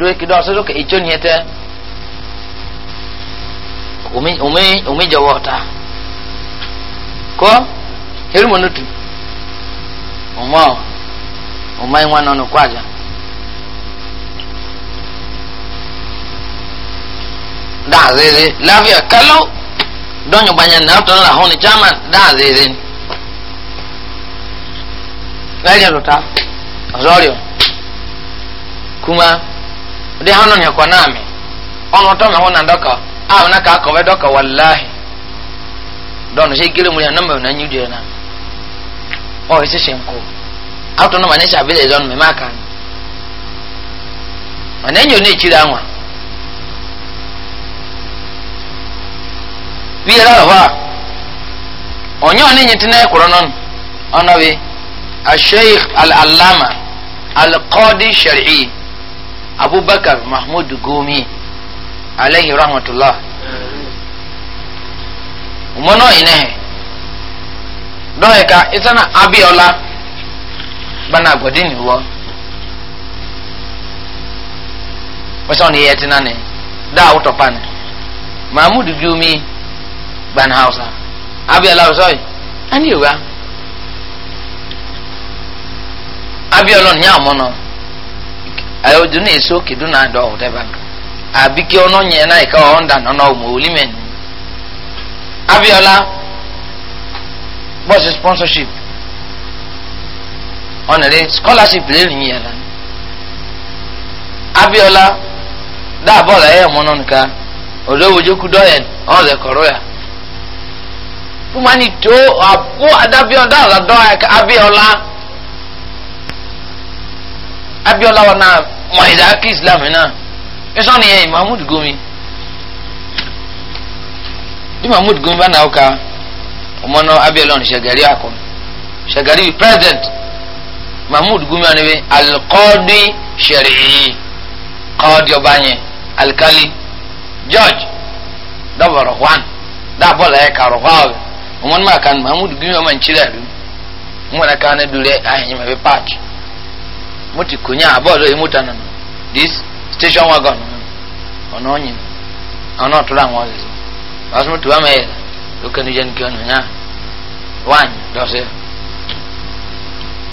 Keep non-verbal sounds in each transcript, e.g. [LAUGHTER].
duit kita asal tu ke icun ni tu umi umi umi jawab ta ko hir munutu umma umma yang mana nak kuaja dah zizi lavia kalau donyo banyak nak tu lah honi zaman dah zizi Kaya lo ta, azalio, kuma. de hanu ne kwa nami ono to me hona ndoka a na ka ko be wallahi don she gele mu ya namba na nyu de na o ese shenko auto no manesha bile don me maka manenyo ne chira nwa bi ra wa onyo ne nyitine kuro non ono bi الشيخ العلامة القاضي الشرعي abubakar mahmud gumi alayhi rahmatullah umono ine dohe ka itana abiola bana godini wo wasan ye yetina ne da uto pan mahmud gumi ban hausa abiola wasoi ani wa abiola ni amono ayo dunu eso ke dunu ando o deba abike ono nye na ika o nda no no mo abiola boss sponsorship onere scholarship le ni yala abiola da bola e mo no nka odo wojo ku do yen le ya to da do abiola abiola wa náà mọ ìdákì islam náà ẹsọ nìyẹn eh, mahmud gomi bí mahmud gomi bá náà ká ọmọ náà abiola ní ṣẹgàrí akọ ṣẹgàrí president mahmud gomi wà níbi alikọ́ọ̀dì ṣẹ̀rìí kọ́ọ̀dì ọba yẹn alikali george dọ́bọ̀ rọ̀hwan dábọ̀ lẹ́yìn ká rọ̀hwan ọmọ náà kan mahmud gomi ọmọ nkyẹrẹ àbí wọn náà ká ní dùrẹ́ àyìnbá bí paaki. moti konya abɔdɔ emu ta nono dis station wagon nono ɔno ɔnyin ɔno ɔtɔla ŋɔ zɛ wasu mutu wama yɛ lókè ni jẹni nya wáyé dɔsɛ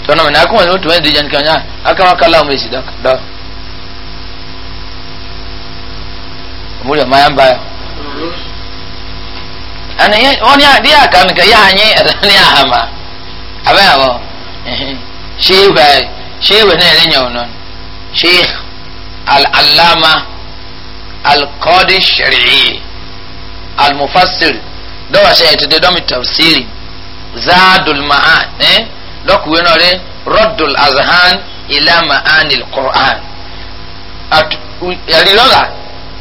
tɔnɔ na akɔmɔ mutu wama yɛ jẹni kí nya akama kala ɔmu esi dɔ ɔmuli ɔmɔ yamba yɛ di yà kàn kà yà anyi ɛdani yà ma abẹ́ yà wọ ṣé sheikh náà lẹ́yìn ọ̀nà sheikh al-alama al-qadi shari'i al-mufassir dọ́wọ́ ṣe ètùtù dọ́mi tafsiri zaadul ma'an ẹ́ dọ́kùwé náà rẹ rọ́dùl azhan ilá ma'an il-qur'an yàrá ìlọ́la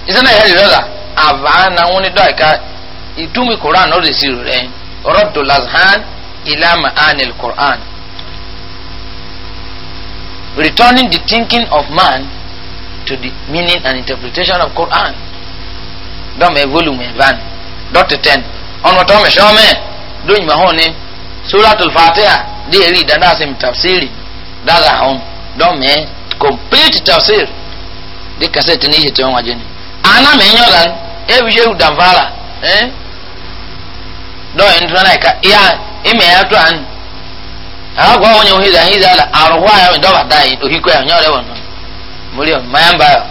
ìsẹ́nà yàrá ìlọ́la àbáná wọn ni dọ́ọ̀ ká ìtumí qur'an ọ̀rẹ́sì rẹ rọ́dùl azhan ilá ma'an il-qur'an returning the thinking of man to the meaning and interpretation of Quran. Dọ́mọ̀ evolume e van dọ́tí e ten ọ̀nà tó mẹ̀ṣẹ́ ọmọ ẹ̀ lóyìn suratul fatiha dí èrí e dáadáa sí tafsiri dáadáa ọ̀hún dọ́mọ̀ ẹ̀ complete tafsir de kásẹ̀tì ní ìyẹ̀tì ọ̀hún ajẹ́ni. Àná mi yàn lánà ẹ̀bi yẹ́wù dànfàrà ẹ̀ dọ́ọ̀ ẹ̀ ń tún náà ẹ̀ka ìyá awa gwa onye ohiza hiza la arwa ya ndo bata yi ohiko ya nyore wono muri o mayamba yo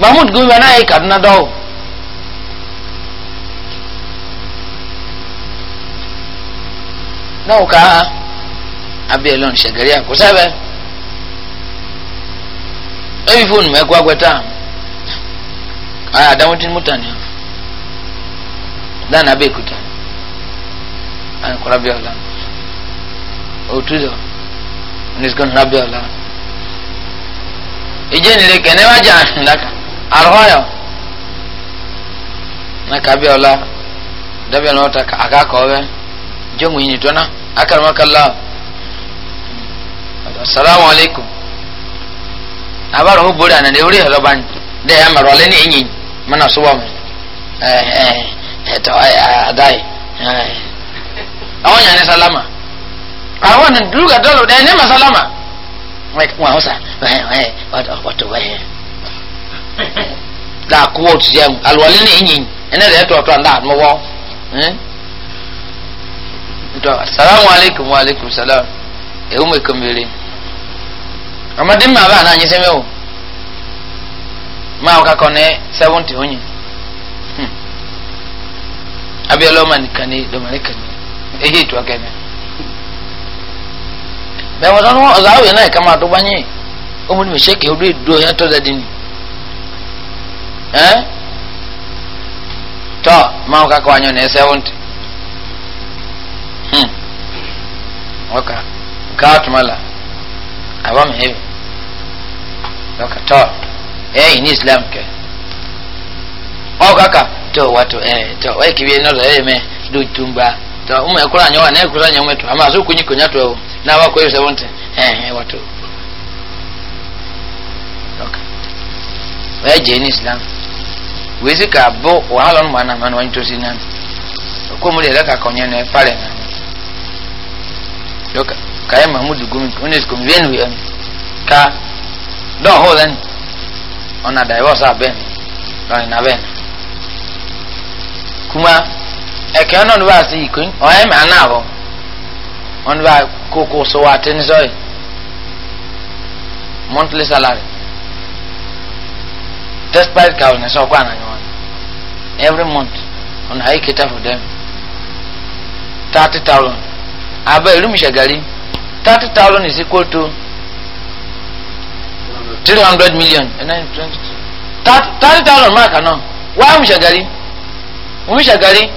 mahmud gumi bana yi kaduna do na uka abi elon shagari ya kusabe ebi fun me kwa kweta aya damutin mutane dana be kutani and Kurabiola. Otudo. And it's going to Rabiola. Ije nile kenewa jan ndaka. Arhoyo. Naka Abiola. Dabiola otaka akakowe. Jongu yini tona. Akaramakallah. Assalamu alaikum. Abaro huburi anande uri halobani. àwọn yàn ní sálámà àwọn ní dúgà dọ́lọ̀ ẹ̀ ní ma sálámà wọn àwọn sà ọ̀tọ̀ wẹ̀ la otu o ti salamu alaikum wa aleykum salam ewu mi kan bere ma mi àbá àná anyísẹ́ mẹ́wò Ma kakọ n'e sẹ́wọ́ntì onye? Kani. ehe tu akene bẹẹ wọn sọnù ọzọ awìyẹ náà kama àdúgbò anyi ọmọ ní mi sẹkẹ ọdún ìdúró yẹn tọ́ da dín ní ẹ hmm. tọ́ máa wọ kakọ anyi ọ̀nà ẹsẹ̀ wọn ti hmm ọkà káàtùmọ̀là àbámẹ́hẹ́bì ọkà tọ́ ẹ̀yìn ní islam kẹ ọkà kà tọ́ wàtò ẹ̀ tọ́ ẹ̀ kìbi ẹ̀ nọ́ọ̀sọ̀ ẹ̀ mẹ́ lójú ń bá. ta umu yakula nyowa naye kuzanya mwetu ama asu kunyikonya tu na wako hiyo sabonte eh, eh watu okay wewe jeni islam wezi ka bo wahala no mana mana wanto sinan ko muri laka konya ne pale na ka kaya mahmud gumi ones ko venu ya ka do holen ona dai wasa ben do ina ben kuma ɛkɛ nɔ no baa sɛ yi kwen ɔyɛ mɛ ana hɔ ɔno baa koko so wa ten sɔre monthly salary despite ka ɔne sɛ ɔkɔ ananyɔ every month ɔno ayi cater for them thirty thousand aba erum hyɛ gari thirty thousand is equal to three hundred million ɛnna eh, twenty thirty thousand mark ano wa mu hyɛ gari mu hyɛ gari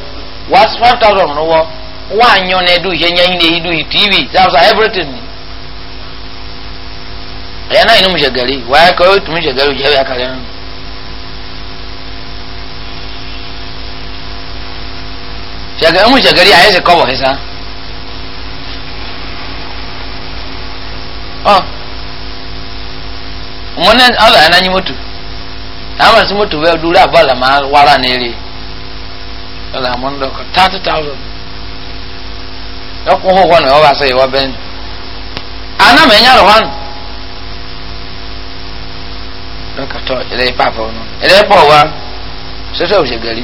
was five thousand no wɔ wɔn anyɔ na ɛdu yɛ nyanyi na eyi du yi tv zamsa everything ɛyɛ náà inú mu hyɛ gari wáyé kọ́ ẹ̀ tún mu hyɛ gari òjẹ́ bẹ́ẹ̀ kàlẹ́ nù. shaga mu shagari a yasa kawo hisa oh mun nan ala nan yi mutu amma su mutu bai dura bala ma wara ne re dọ́là àmọ́ dọ́kọ̀ thirty thousand ẹkùn hóhó na wọ́n bá sọ ìwọ́ bẹ́ẹ̀ ni àná mi nyà lọ́wọ́ nù dọ́kọ̀ tọ́ ẹ̀rẹ́ ipá àfọ̀ nù ẹ̀rẹ́ pọ̀ wá sọ́sọ́ òṣègàrí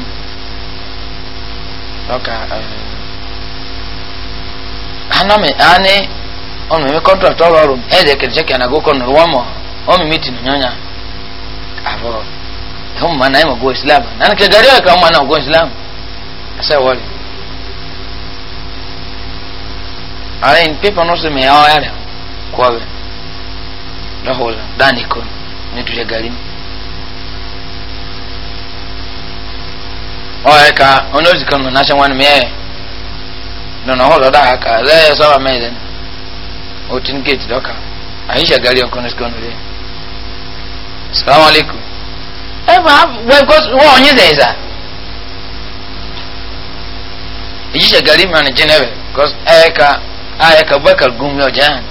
dọ́kà àná mi àní ọmọ mi kọ́ńtà tọ́lọ̀ ọ̀rùn ẹ̀ẹ́dẹ̀ kẹ̀tẹ̀ kẹ̀ nà gókọ̀ nù wọ́n mọ̀ ọmọ mi tì islam sɛwɔl alain pepa no so kwa ɔyare kɔbɛ dɔhɔl dani kon ne tuya O ɔyɛ ka ɔno zi kan na sɛn wani mea dɔnɔ hɔl ɔda aka lɛ sɔba mɛ dɛn otin gate dɔka aisha gari ɔkɔ ne sikɔn de salamu alaikum ɛ ma wɛ kɔ wɔ ɔnyi ijisha garima na jinebe because ayaka ayaka baka gumlo jan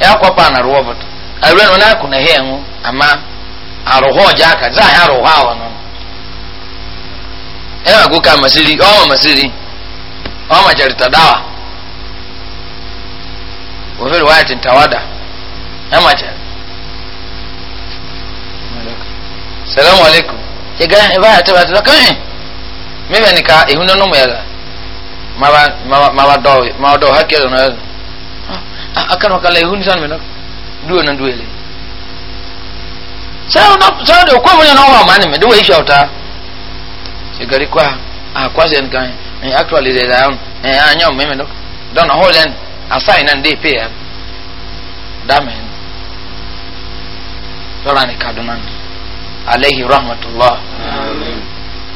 ya kwa pa na ruwa bato alweno na kuna hengu ama aruho jaka za ya ruwa wa non ewa guka masiri o masiri o majarita dawa wa fi riwayat tawada ya majar salamu alaikum e ya ga ba ta ba ta kan me ne ka mawa mawa do mawa do hakil na akan wakala hun san menok duwe na duwe le sao na sao de ko wa mani me duwe se gari kwa a kwa zen kan actually they down and me menok don hold and assign and they pay damen dola ni kaduna alayhi rahmatullah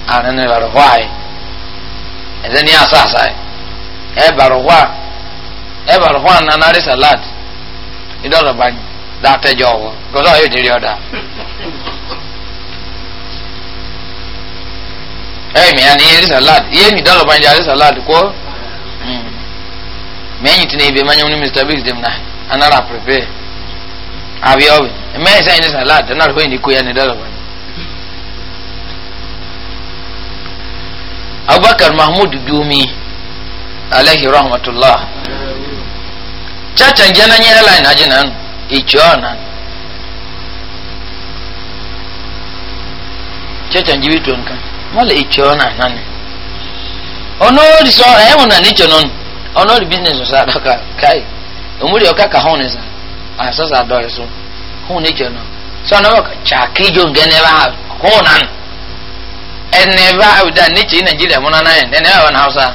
amen la ɛsɛ eh, eh, eh, ni asaasa yi ɛbari hɔ a ɛbari hɔ a nana de salad idɔlɔ ba da atɛjɔ wɔ gɔdɔ ayɔ deri ɔda ɛyɛ mi yanni yɛ de salad yɛ mi dɔlɔ ba yɛ de salad ko mɛnyi tina ibe ma nyɔnu mr biggs dem na anara prepare abi ɔbi mɛnyi sɛ yɛ de salad ɛnara hɔ yɛ ni ko yɛ ni dɔlɔ ba abubakar mahmud gumi alaihi rahmatullah chacha njana nyere line aje na ichona chacha njibi tonka mala ichona nani ono riso ewo eh, na nicho non ono ri business so adoka kai omuri oka ka hone sa asasa ah, adore so hone ichona so na oka chakijo ngene ba kona ɛnɛ ba abuja ne kye nigeria mu nana yɛ ɛnɛ ba na hausa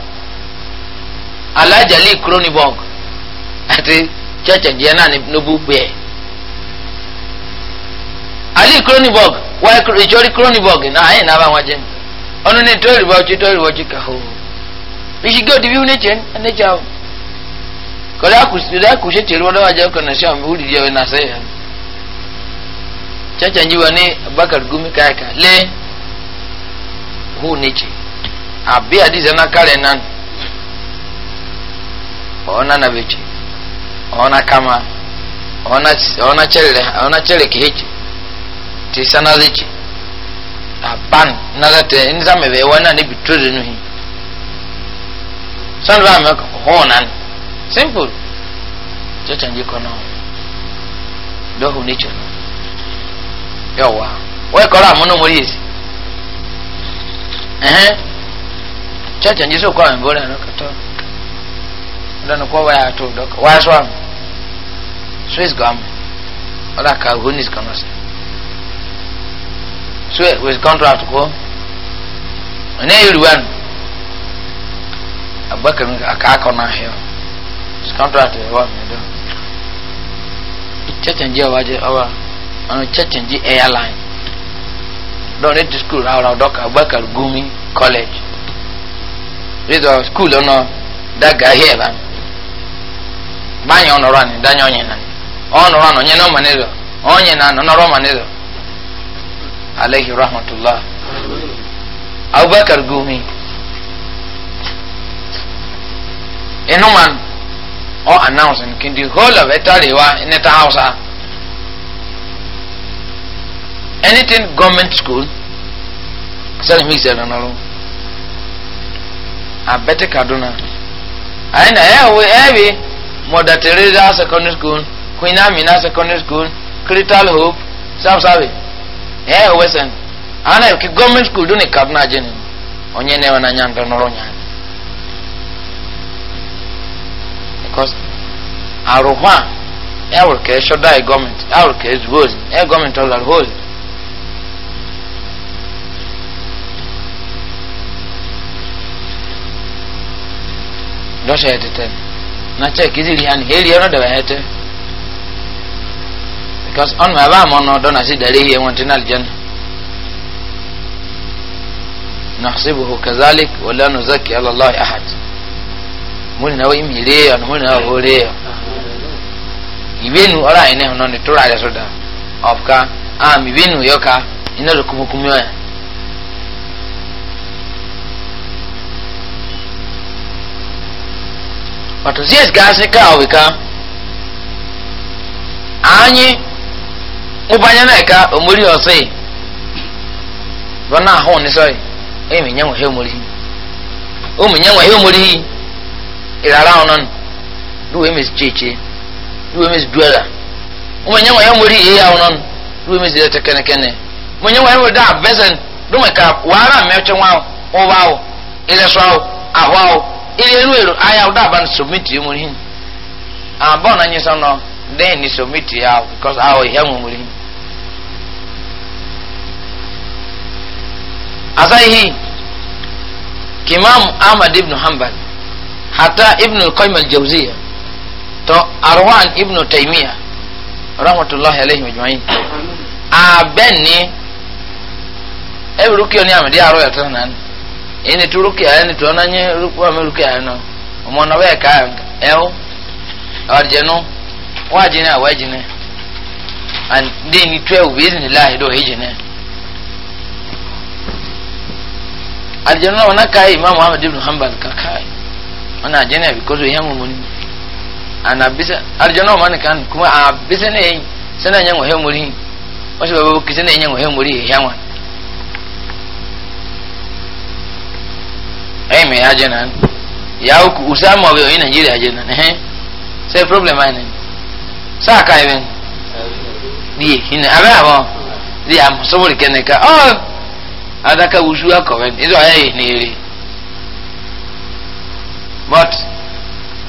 alajali kronibog ati kyɛkyɛ deɛ na ne nobu kpeɛ ali kronibog wɔyɛ ìtsɔri kronibog na ayɛ na ba wɔdze ɔno ne tori wɔtsi tori wɔtsi ka ho bisigi odibi ne kye ne kye awo kɔlɛ akusi lɛ akusi tiɛri wɔdɔ wa jɛ kɔnɔ sɛm wuli yɛ ɔyɛ na se yɛ kyɛkyɛ nyi wɔ ne bakari gumi kaa yi ka hu nechi abi adiza na kare nan ona na bechi ona kama ona ona chere ona chere kihichi tisana zichi aban na late inza mebe wana ni bituri nuhi san ba me honan simple chocha njiko no do hu nechi yawa we kola mono morisi ɛhɛn kyɛkyɛ nye sɛ okɔ awon bɔlɛ no no kɔ waya ato dɔkɔ waya so am swiss gam ɔdɔ ka honis kan ɔsɛ so with contract kɔ ɔne eri wa aka with contract ewa wa Church dɔ kyɛkyɛ nye ɔwa gye ɔwa ɔno dɔnni ti skul awura dɔ ka abubakar gumi kɔlɛj rizɔ skul ɔnɔ daga hiɛ la banyɛ ɔnɔrɔ ni danyɛ ɔnyɛ na ɔnɔrɔ na ɔnyɛ na ɔma ne zɔ ɔnyɛ na ɔnɔrɔ ɔma ne zɔ alehi rahmatulah abubakar gumi inu man ɔ oh, announce nkindi whole of ɛtari wa ɛnɛta hausa anything government school sani mi sɛ nanaro abɛte kaduna ayi na ɛyɛ wo ɛyɛ bi mother teresa secondary school queen amina secondary school critical hope sam sabi ɛyɛ wo wɛsɛn ana ki government school do ne kaduna agye ne ɔnyɛ ne wa na nya ntɛ nɔrɔ nya because arohwa ɛwɔ kɛ ɛhyɛ dɔ government ɛwɔ kɛ ɛzu hose ɛyɛ government ɔlɔri hose. dɔsɛ yɛ tɛtɛ na kyɛ kiziri hani heri yɛ no dɛbɛ yɛ tɛ because ɔnu mɛ ɛbaa mɔ no dɔna si dɛrɛ yie wɔn ti na alijan nahsibuhu kazalik wala nuzaki alallah ahad muni na wɔyi mi reyɔ na muni na wɔho reyɔ ibenu ɔra ayi ne ho no ne tora yɛ so da ɔfuka aam ibenu yɔka ina lɛ kumukumu yɛ. wato zai gasị ka ọwịka anyị ụbanye na ka omori ọsị bụ na ahụ n'isọị emi nye nwehe omori ụmụ nye nwehe omori ịrara ọnụ ruo emesi cheche ruo emesi duela ụmụ nye nwehe omori ihe ya ọnụ ruo emesi ilete kenekene ụmụ nye nwehe omori da abesen ruo maka wara mmechekwa ụwa ahụ ilesụ ahụ ahụ ahụ ileru ero aya ọdọ aba submit mu ni abọ na nyi sọnọ then ni submit ya because awo ihe mu mu ni asahi kimam ahmad ibn hanbal hatta ibn al-qayyim al-jawziya to arwan ibn taymiya rahmatullahi alayhi majma'in abenni ebirukiyo ni e amadi aro ya tana ini turuki ya ni tuona nye rukuwa miruki ayo no umwana weka eo awarjenu wajine awajine and dini twewu biizni lahi do hijine aljanna wana kai imam ahmad ibn hanbal ka wana ajene because we hamu mun ana bisa aljanna man kuma a bisa sana ya he muri babu muri ɛyɛ mɛ ya usa nigeria gyina no ɛhɛn problem ayi nani saa kaa ɛbɛn die hinɛ abɛ abɔ die amusomori adaka wusu akɔ bɛn ɛdi ɔyɛ yɛ but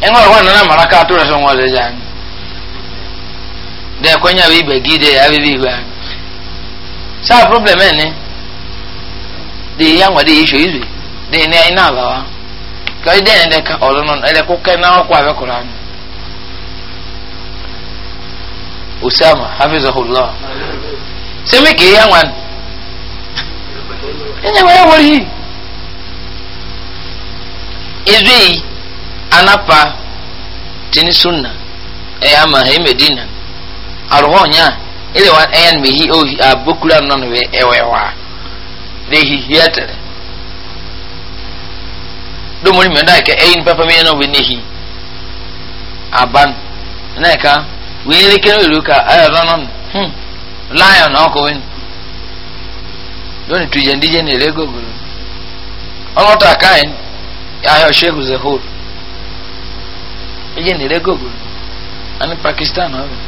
ɛŋɔ ɔwɔ nana mara kaa to rɛsɔn wɔ lɛ zan dɛ kɔnya bi bɛgi saa problem eni de yaŋɔ de yɛ sɔ de ne ina lawa ka ide ne de ka olo non ele ko ke na ko ave quran usama hafizahullah semi ke ya wan ene wa wori izui anapa tini sunna e ama he medina arhonya ile wan ayan e mihi o abukula non we ewe wa de hi hiatere domori mi ɔdaa kɛ ɛyin pɛpɛ mi ɛna wei nehi aban ɛna ɛka wei leke no elu ka ɛyɛ eh, ɔdɔ no hmm lion ɔkɔ wei lóni tu yẹn díje ní ilé gògòrò ɔlọ́tà káyìn ayọ̀ sheikh zehor díje ní ilé gògòrò ani pakistan ọ̀rẹ́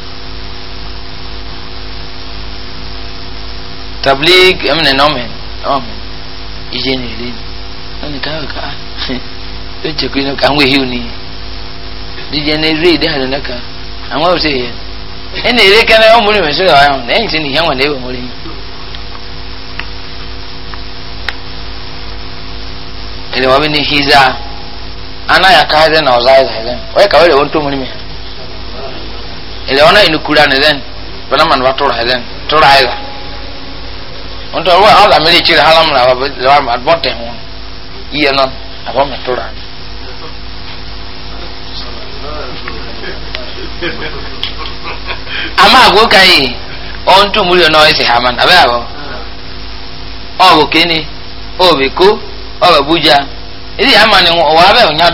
tablig ẹ̀mìnẹ̀ nọ́ọ̀mẹ̀ ọ̀mẹ̀ díje ní ilé ka lóòtù kiri náà àwọn èyí ò ní dídí ẹni eré ìdí àná náà kan àwọn ò sèyẹ ẹni eré kẹ́nà ọmọ rẹ̀ mẹ́sẹ̀rẹ̀ wà hàn lẹ́yìn tí ni ìyá wọn lẹ́wọ̀ mọ́ rẹ̀ yìí. ẹni wọn bí ní hiza anáyàká ẹ̀dẹ̀ náà ọ̀zá ẹ̀dẹ̀ ẹ̀dẹ̀ ọ̀yẹ́ kàwé rẹ̀ wọ́n tó mọ́ rẹ̀ mi ẹ̀dẹ̀ wọn náà inú kura ní ẹ̀dẹ̀ bẹ́ẹ̀ náà mọ̀ tóra ẹ̀dẹ̀ tóra ẹ̀dẹ̀ wọ́n tó wọ́n àwọn àwọn mẹ́tò rà ní. àmọ́ àgbo kàyè ọ̀hún tún múlò náà ẹ̀sìn hàmà nàbẹ́ àbọ̀ ọ̀bù kínní ọ̀bù kó ọ̀bù bújà ni ọ̀wọ́ abẹ́ ònyá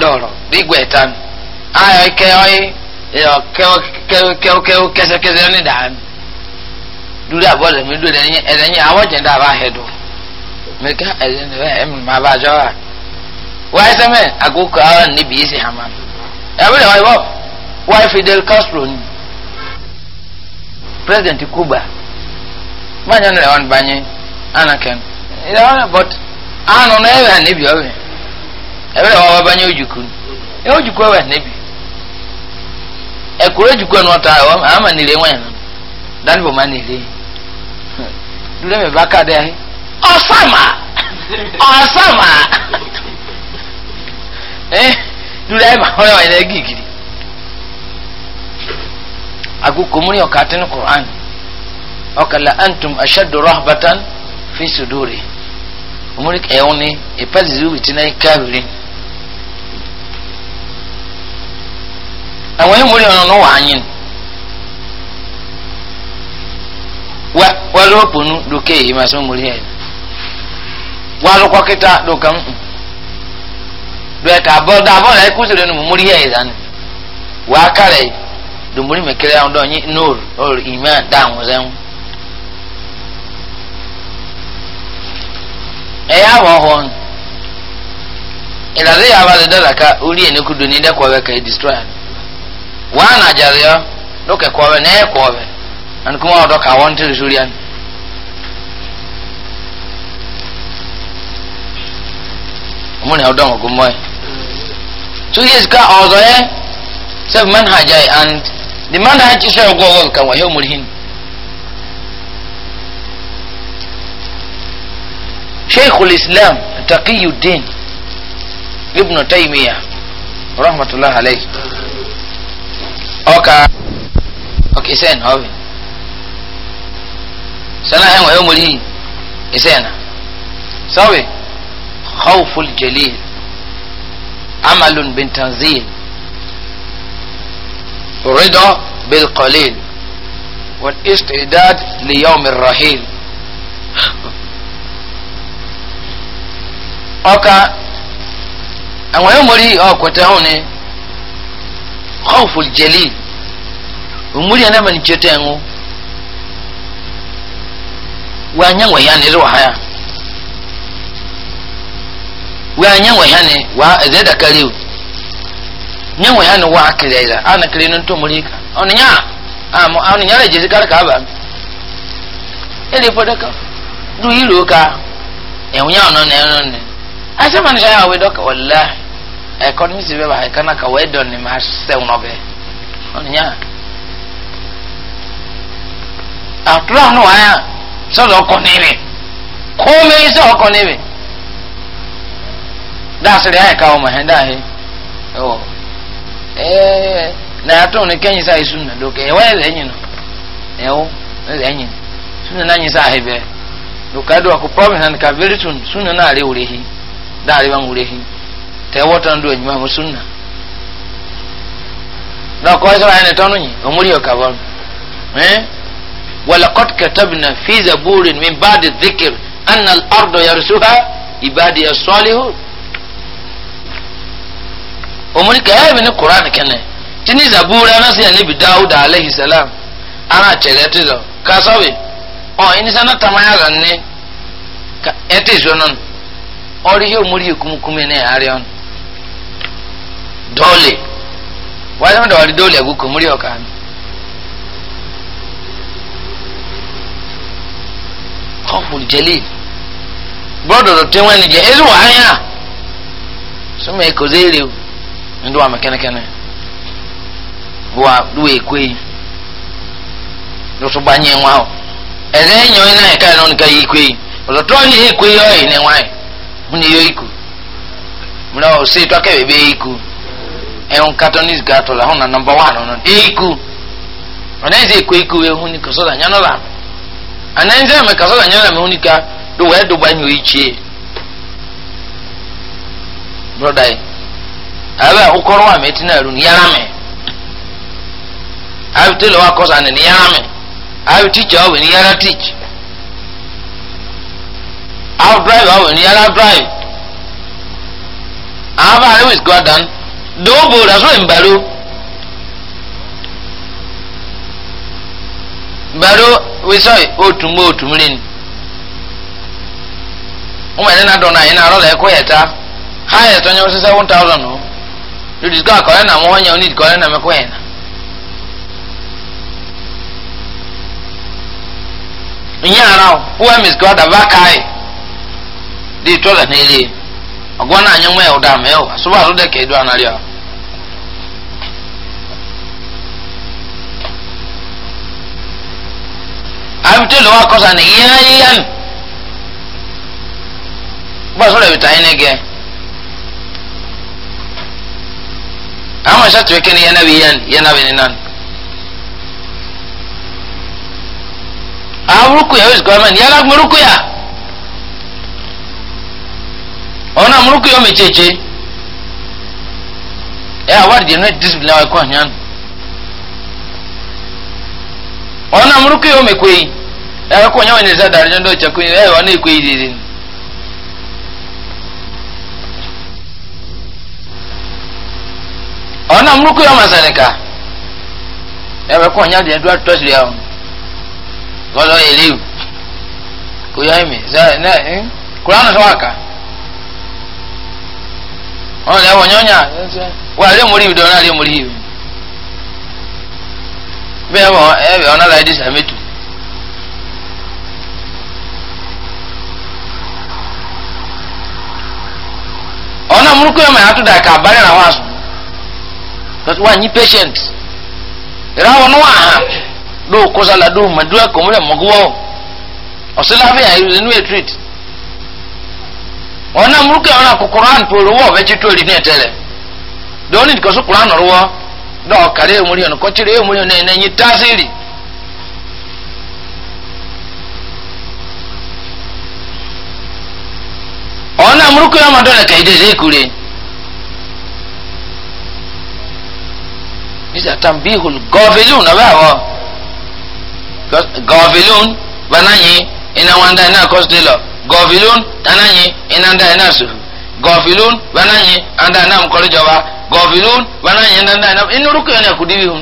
ní dàánù ẹ̀dẹ̀yìn àwọn wáyé sẹ́mẹ̀ àgókò ara níbi yìí sì hàmà ẹ̀bí lè wáyé bọ́ fidel castro ni president cuba báyìí ni lẹ́wọ̀n báyìí anakin but àánú ní ẹ̀rọ níbi ọ̀rẹ́ ẹ̀bí lè wọ́n wá báyìí ojúkú ni ojúkú ẹ̀rọ níbi ẹ̀kúrẹ́ ojúkú ẹ̀ ní wọ́n ta ẹ̀wọ́ nílé wọ́n yẹn dáni bò má nílé dúró mi bá eh duraiva ɔyɛ ɔyɛ gigiri agogo mu ni ɔkaate no koran ɔkala antum ahyɛdo rahbatan fi sudori ɔmuri ɛwɔ ne epalizi witi na ikawiri àwọn emuri ɔno no wɔ anyin wa wɔlɔ ponu doke yi ma sɔn muri yɛ wɔlɔ kɔkita do dɔɛta abɔda abɔda yɛ e kusiri no mumuri yɛ ɛdan wakare dumuri mekere ahun dɔn nye noor ɔr iman da ahun zɛn ɛyɛ awɔ hɔn ìdàdé yà abalẹ̀ dọ́là ká orí ẹ̀ nìkú doni dẹ́kọ̀ ọ̀bẹ kẹ́ mun ya don ko moy two years ka ozo eh so manhaj and the manhaj is go go kan wa yo murhin شيخ الإسلام تقي الدين ابن تيمية رحمة الله عليه أوكا أوكي سين أوبي سنة هم يوم الهي إسانا سوي خوف الجليل عمل بالتنزيل الرضا بالقليل والاستعداد ليوم الرحيل اوكا اوه يموري او كوتاوني خوف الجليل ومولي انا من جتانو وانيان ويانيرو هيا wa nye wa hane wa ze da kare nye wa hane wa kire ila ana kire nun to mulika on nya am on nya le je kar ka ba ele foda ka du yiro ka e nya no ne no ne asa man sha we doka wallahi e kon mi sibe ba e kana ka we don ni ma se uno be on nya a plan no aya so do ko ni be ko me so ni be daasere ayɛ ka wɔn ma hɛn daahe ɛwɔ ɛɛ na yàtọ̀ ne kẹ́yìn sáà esu na do kẹ́yìn wáyé lẹ́yìn no ɛwɔ lẹ́yìn sunu na nyi sáà hebɛ do kaa do ɔkò promise na nka very soon sunu na ale wure hi daare ba wure hi tɛ wɔtɔ no do enyima mo sunu na dɔw kɔɔ sɔrɔ ayɛ ne tɔn no nyi omuri yɛ kaba no ɛɛ walakɔt katabna fi zaburin min baadi zikir anna al ardo yarisuha ibadi ya sɔlihun. omuli ka ɛyɛ bi ne koran kɛnɛ tini zabura na ne bi dawud alayhi salam ana kyerɛ ti zɔ kasɔbi ɔn inisa na tama ya zan ne ka ɛti zɔ non ɔri omuli yɛ kumukumi ne yari ɔn dɔɔle wáyé mi dɔɔle dɔɔle ɛgu kumuri ɔkan kɔfun jeli ni ezu wa anya o. ndo ama kene kene wa duwe ekwe lọtọ gbanye nwa ahụ ẹdẹ enyo ẹ náà ẹka ẹnọ nìka yìí ekwe ọlọtọ yìí ekwe yọ ẹ nìwa ẹ mụ na yọ iku mụra ọ sị tọka ebe iku ẹhụ katọnis ga atọla hụ na nọmba wan nọ e iku ọ na-eze ekwe iku ehu nika sọda anya nọla anaghịzi eme ka sọda anya nọla ma ehu nika do wee dọgba nyọ ichie brọda ya abe ukoro wa meti na ru niyara me abe tele wa kosa ni niyara me tich teacher wa niyara teach abe driver wa niyara drive abe abe is do bo da so mbaro mbaro we say otumo otumrin o ma ne na na ina ro le ko yeta ha yeta 7000 o lùdìsíkọ́ àkọ́rẹ́ náà wọ́n yàn onídìkọ́rẹ́ náà mẹ́kọ́ yẹn náà. ìyẹn ara o wọ́n mi sìkọ́ dàbá káyì di ìtọ́lẹ̀ ní ilé ọgbọ́n náà yẹn wọ́n ẹ̀ ọ̀dà àsọ́bà ló dẹ̀kẹ́ rí ọ. àbítí lọ́wọ́ akọ́sà ni yẹ́n yẹ́n bọ́sọ̀rọ̀ yín ama sa tuwe kene yana bi yan yana bi nan awru ah, ku yawis gwaman yana muru ku ya ona muru ku yo mecheche ya war di no discipline wa ko nyan ona oh, muru ku yo mekwe ya ko nyawe ne za darjo ndo chakuni ya wa ne kwe dizini ọ̀nà múlùkù yọ màsà nìka ẹ̀rọ kọ́ ọ̀nyá dìé dúró tọ́sí ya lọ́dọ̀ yẹ léwu kò yá mi sẹ́yìn náà ẹ̀ kúránù sọ wà ká ọ̀nà lẹ́wọ̀ nyọ́nyà wà lé mórí ìdọ̀ náà lé mórí ìwé bẹ́ẹ̀ wọ ẹ̀ bẹ̀ ọ̀nà láyé dé sàmẹ́tù. ọ̀nà múlùkù yọ màsà tó dà ká abáyé náà wà sùn tọ́tù wà ní patient No, ìràwọ̀ ní wà hàn ló kó sálà dó màdúrà kò múlẹ̀ mọ́gúwọ́ ọ̀sẹ́láfẹ́ àìrè ní ètrit ọ̀nà múlùkẹ́ ọ̀nà kòkòrò àǹtò olówó ọ̀bẹ tí tó rí ní ẹ̀tẹ́lẹ̀ dọ́ọ̀nì kọ́sù kùránù rúwọ́ dọ́ọ̀ kàrẹ́ èmúrí ọ̀nà kọ́chírẹ́ èmúrí ọ̀nà ẹ̀nẹ́yìn tásìrì ọ̀nà múlùkẹ́ ọmọdé ọ̀nà kẹ́hìndé ṣe é kúrẹ́ is atambihul gọvilun ọba àwọ gọvilun bananyi ina wanda ina kọsidilọ gọvilun tananyi ina nda ina suhu gọvilun bananyi anda ina mukọrijọba gọvilun bananyi ina nda ina inu rukun yana kudibihun.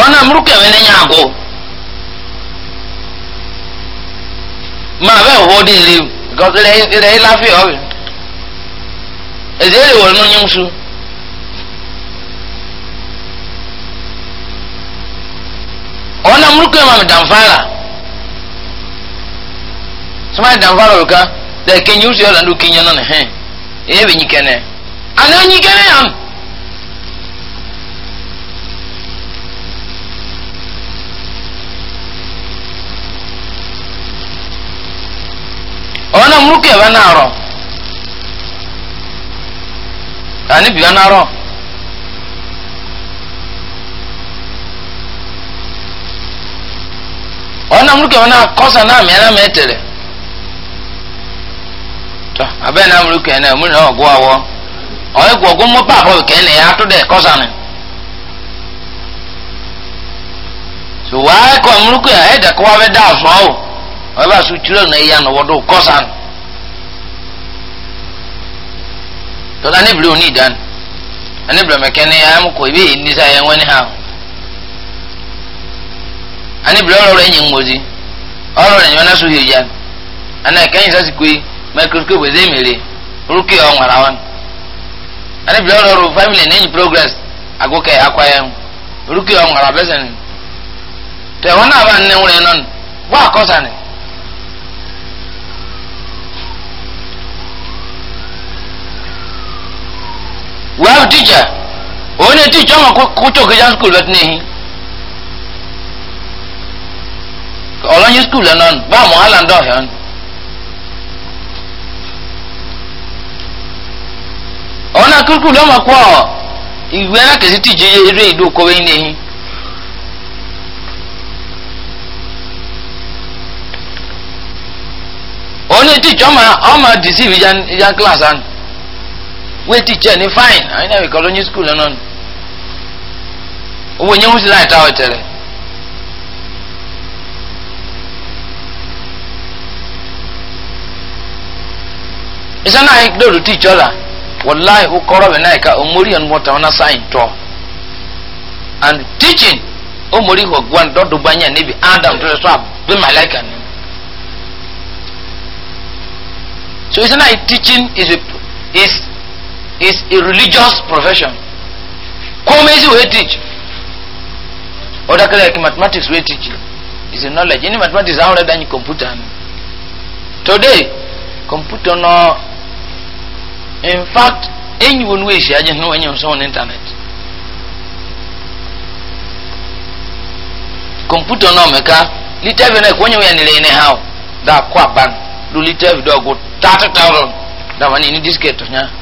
ona muruke wene nyago ma be ho di live because they they laugh you ezere were n'onye nsu ona muruku ya mami damfara sumai damfara ruka da kenyi usu yau da ndu kenya nan he ebe nyikene ana nyikene yam ona muruku ya na arọ. ani bia narɔ ɔna mu kɛmɛ na kɔsa naa mɛ naa tɔ abɛ naa mu kɛmɛ mu awɔ ɔyɛ gu ɔgu mu paapɔ kɛmɛ na yɛ dɛ kɔsa so waa kɔ mu kɛmɛ ɛdɛ kɔ wa da afɔ o ɔyɛ ba so na yɛ anɔ because anibiri o need an anibiri mekene ayam ko ebi eyi nisa ayam wani ha anibiri ɔrɔ rɛ nye ŋmozi ɔrɔ rɛ nye wana so yie yan ana kɛnyi sasi koe microscope ɛdɛ mere ruki ɔnwara wɔn anibiri ɔrɔ rɛ family nenyi progress agokɛ akɔyɛ ho ruki ɔnwara bɛsɛn tɛ wɔn a ba nne wura yɛ nɔn Oh, a teacher onye oh, teacher ma kụcha ogeja bet n'ehi ọlọnyi skul ẹ nọn bá mọ hàlà ndọ ọhịa ọ na akụ skul ọ ma ọ ìwé ẹ kẹsì teacher eré n'ehi. onye teacher ọ ma ọ ma deceive ya ya wọ́n ti jẹ́ ní fáìn àwọn ènìyàn ìkọ́ ló ní skul lọ́nà ni owó yẹn ń sílá ìta ọ̀tẹ̀rẹ̀. iṣẹ́ náà lóòrù tí ìjọ́ra wọláì ó kọ́ rọ́bì náà ìka òmórí ẹnu wọ́n tàwọn sáyìn tọ́ and teaching òmórí ọ̀gbọ́n dọ́dọ̀ bá yẹn níbi adam tó sọ àbí màláìka ni. so iṣẹ́ náà teaching is, a, is is a religious profession komezi wey teach other kind like mathematics wey teach is a knowledge any mathematics ahun rẹ danyi computer ni today computer no in fact enyi wo nuwe esi agye no enyi nso on internet computer no meka litavi na ekwenye wo ya nile ne how da kwa ban do litavi do go 30000 da wani ni disket nya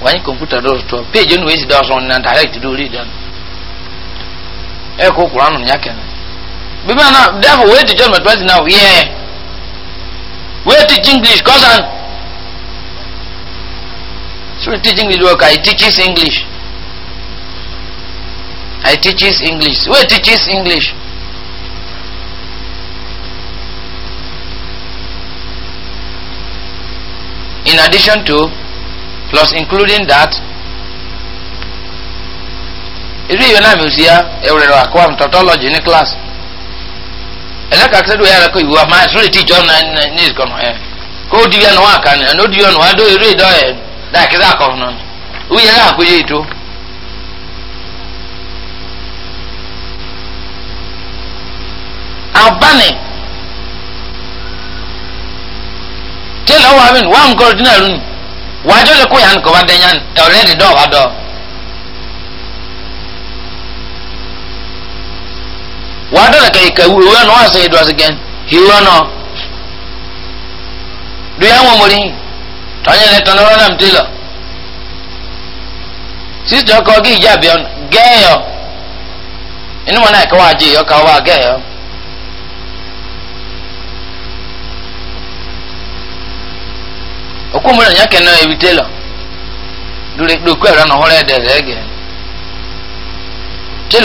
wanyi computer do to page onu wezi da son na direct do read dan e ko quran nya ken be ma na therefore we teach my person now yeah we teach english cause so we teach english work i teaches english i teaches english we teaches english in addition to plus including that irú ìyọ náà mi ò sí ya ẹwùrẹ̀ rẹ̀ àkọ́wà mi tautology ní class ẹlẹ́ka kí sẹ́dúwẹ̀ yàrá kó ìwà máa tún lè tí ìjọ náà ní ìkọ̀ náà ẹ̀ kó o dìbíyà náà àkànnì ẹ̀ ní o dìbíyà náà adó irú ìdọ́ ẹ̀ dàkí dà kọ̀ náà ó yẹ náà àkóyè ètò. abani tẹ́lẹ̀ ọwọ́ àmì wà ń kọ́ ọdún náà wajo le ko yan ko ba denyan already do ba do wado le kai kai wo no ase do ase gen hiwo no do yan wo mori tanya le tono na mtilo sis jo ko gi ja bion geyo inu mo na ka waji yo ka wa geyo okwomori nya kene ebitela dure doku era no hore de rege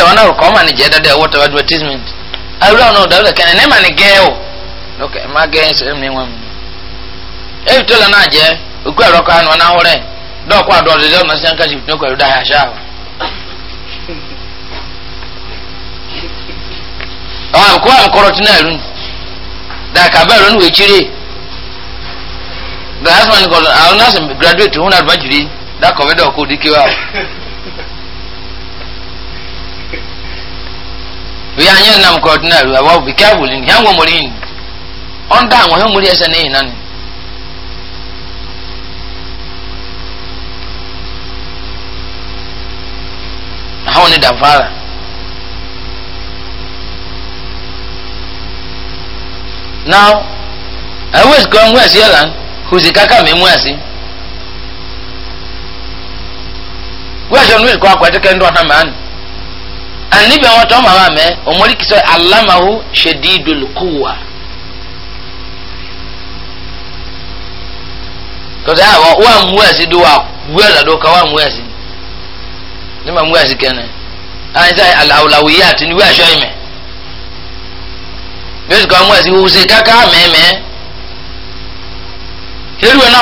wana ko ma ni jeda de water advertisement i don't know that kene ne ma ni geo okay ma geo se ebitela na je oku era ko anu na hore do adọ ọdịdị de na san ka jip no da ka the husband go àwọn nurse graduate hun advajiri dákọ̀wé dọ̀kọ̀ òdìkí wa o. bí a nyẹ́ nam kọ́ ọdún náà wọ́n bí káàbù lé ní yàn wọ́n mọ̀rí yìí ọ̀n dá àwọn ọ̀hún mọ̀rí ẹsẹ̀ níyìn how ni. àwọn ni now i always go on where husikaka memwasi wesonwilkwakweteke ndwatamani anibi awon tɔn ma mɛ omolikisɛ watu shedidul kuwa kɔsɛ awo wa mu ɛsi do wa wɛlɛ do ka wa mu ɛsi ne ma mu ɛsi kɛnɛ ayi sɛ alawulawiya ti ni wɛsɛ yi mɛ bɛsi ka mu ɛsi wuse kaka mɛmɛ.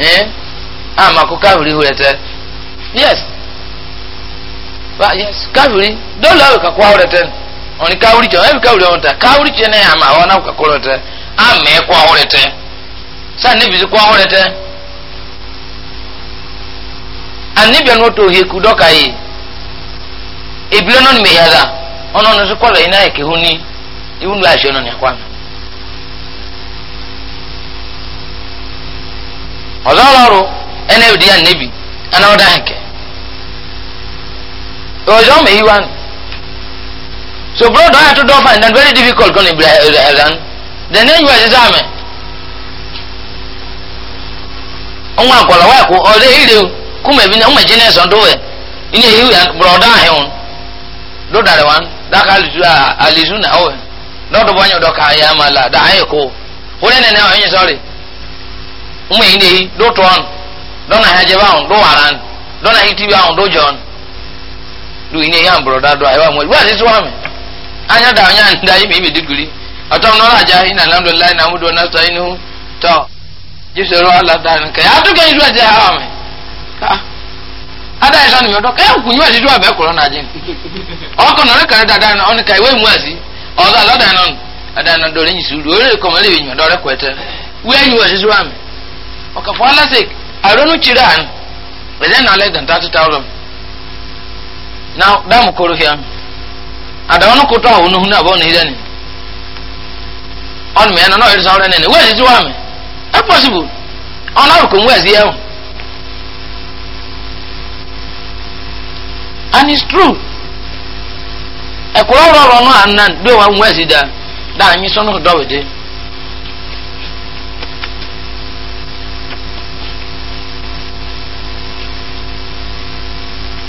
eh ama ah, ko kafiri hurete yes ba yes kafiri Dola we kakwa hurete oni kawuri eh, cho ebi kawuri onta kawuri chene ama wana ukakolete ama kwa hurete sa nibi zikwa hurete anibi anoto heku doka yi ebile non meyada ono nusukola ina ekehuni iwunla ashe ono nyakwana ọzọ ọrụ ẹna ewudi ya nnebi ẹna ọda nke ọzọ ma iwa so brodo broda ọya to dọfa and very difficult gonna be ẹran the name was exam ọnwa nkwala wa ko ọdọ ire kuma ebi na ọma jẹ nẹsọ ndọ wẹ ina ehi ya broda ahẹn do dare wan daka alizu a alizu na ọwẹ dọdọ bọ anya ọdọ ka ya ma la da ayẹ ko wọn ẹna ẹna ọnyẹ sọrọ. mgbe ị na dụtụ ọnụ dọ na ha jebe ahụ wara dọ na hitibi ahụ dụ jọn dụ ị na-ehi dadụ a ịwa nwere sụwa anya da anya ndị anyị ma ibi dịgiri ọtọ n'ọrụ aja ị na na amudu na inu tọ jisoro ala da nke ya atụ gị nzuwa ha ada ka ya kwụ nyiwa bụ e na ajị ọkụ ọnụ ka na dọrọ enyi si uru ọkà fún alásèk àrònú kyerè hàn ẹ̀dẹ́ nà na dàmú kóró hìá àdàwọn no kótó àwọn onuhun náà bọ́ ní ọ̀nà mìíràn náà nìyẹn tí ẹ̀ pọ́sibù ọ̀nà and it's true ẹ̀kọ́ ọ̀rọ̀ ọ̀rọ̀ náà nàn bí wọ́n wẹ́ẹ̀sì dá dáa nyi sọ́nù dọ́wọ́dé.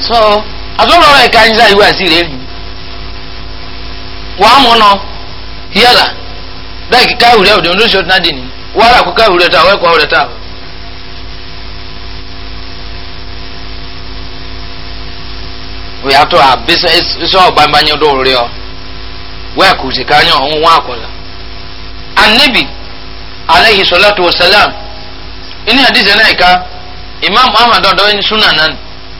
so asọ́rọ̀ rẹ̀ ká ní sáyẹ̀wò àti rẹ̀ lù wàá mú nọ yálà bẹ́ẹ̀ kí káwù rẹ̀ òdòdó ṣọ́ọ́ náà dì ní wàhálà kó káwù rẹ̀ ta àwọn ẹ̀kọ́ rẹ̀ ta. yàtọ̀ àbísẹ́ iṣẹ́ ọba ìbáyé ọdún rẹ̀ ọ wẹ́ẹ̀kù sì ká yàn ọ̀hún wọn àkọlà. anabi aleyhi sọlá tó sẹlẹm inú àdìsẹ́ náà ká imam ahmed ọ̀dọ́ ẹni súnà náà.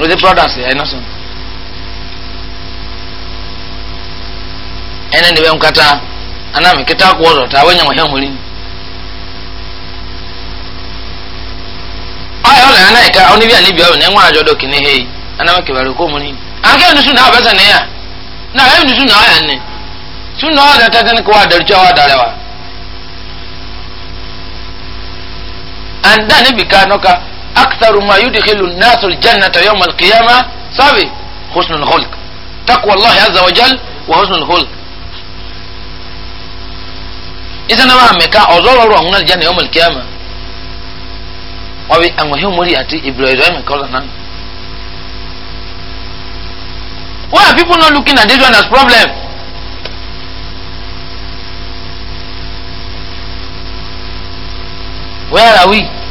were the brothers ẹ nọ so ẹnna ni nkata anam kita kọ ọdọ ta wẹnyẹ wọn hẹ wọn rin ọyọ ọlẹ anáyẹ ká ọ níbi àníbi ọwọ ní ẹwọn àjọ dọkì ní hẹyì anam kẹwàá rẹ kọ wọn rin akẹ́ nusu náà bẹ́sẹ̀ ní yà náà ẹ̀ nusu náà yà ní su náà ọ̀dà tẹ́tẹ́ ní tí wa. níbi ká nọ́ka. أكثر ما يدخل الناس الجنة يوم القيامة صافي حسن الخلق تقوى الله عز وجل وحسن الخلق إذا ما مكا أزور روح من الجنة يوم القيامة وبي أن وهي مرياتي إبراهيم قال نعم Why are people not looking at this one as problem? Where are we?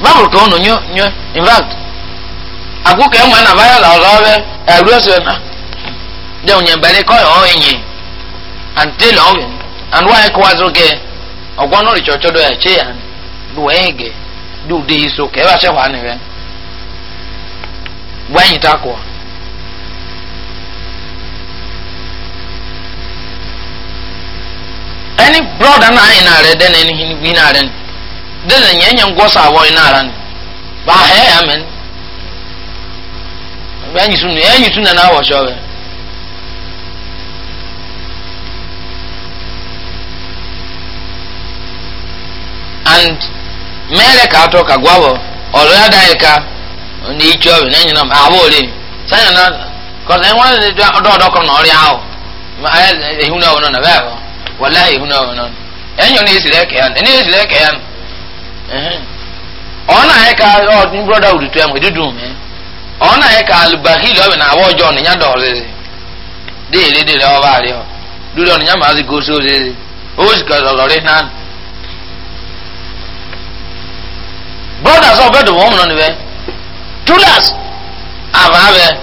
bible ka unu nyo nyo in fact agụka enwe na bayọla ọzọ ọbẹ ẹrú ẹsẹ na dị onye mbere kọ ya enyi and tailor ọhụrụ and why kwazuru gị ọgwọ nọrọ ịchọchọ dọ ya chee ya dụ ege dụ dị iso ka ebe asị hwa nịrị gwa enyi ta any brother na anyị na-arị dị na enyi na-arị dede nye nye ngwọsa awọ ina ara ni ba he ya men ya na awọ shobe and mere ka atọ ka gwabo ọrụ ya ka na na ole sanya na kọsa enwe ndị ọdọ ọdọkọ na ọrịa ahụ ma ehu na ọwụna na bebe wala ehu na ọwụna enyo na esiri eke ya na enyo esiri eke ya na ọ eh. e eh. na ka mgbe ọ alubahili ọ na awa ọjọọ na ya dọ ọzịzị dịịrị ọba arịọ dudu ọ na ya ma gosi o zikọrọ brothers of bed wɔn tulas abaa bɛ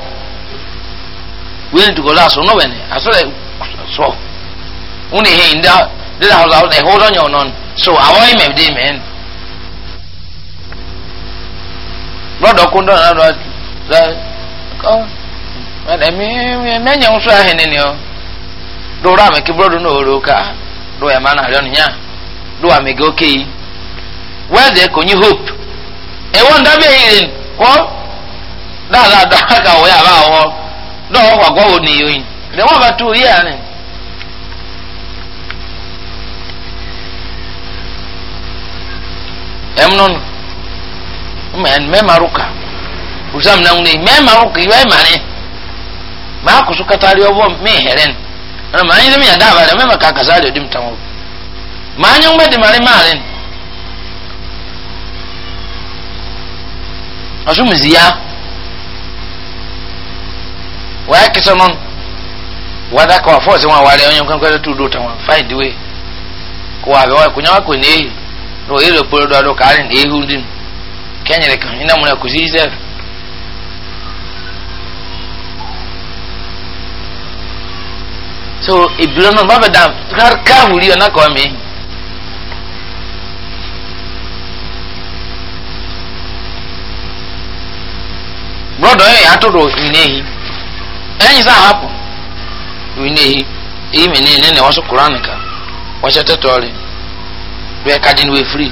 wíyẹn tukọ la sọnù bɛ ni asọrọ sọ wọn ni hẹn nda dídá hàn so àwọn ẹmẹ dé mẹ lọ́dọ̀ kó dọ́nà lọ́dọ̀ lọ kọ́ ẹ̀mí mẹ́nyẹ̀ ni o dòwúrọ̀ àmì kí búrọ́dù náà rò ká dò ẹ̀ máa oke yi nìyà dò àmì gé ókè yìí wẹ́ẹ̀dẹ̀ hope ẹ̀wọ́n e dábẹ́ mɛma ruka usam na ngune mɛma ruka iwe mane ba kusu katari obo me heren na ma nyine me ya daba da mɛma kaka sa da dim tawo ma nyi ngbe di mare mare asu mziya wa kisonon wadha kwa fosi wa wale onye mkankwe tu do tawo find the way ko abe wa kunya ko ne no ile polo do do karin ehudin kenyere kan ina muna kusi isef so ibilo náà bá bẹ dam káàkiri rí ọ̀nà kan mi. brọdọ ẹ yàtọ̀ do ìnìyí ẹ̀yìn sá hapọ̀ ìnìyí èyí mi nìyí nínú ẹ̀wọ́n sọ kuran nìkan wọ́n ṣe tẹ́tọ̀ rẹ̀ bẹ́ẹ̀ kájí ni wọ́n firi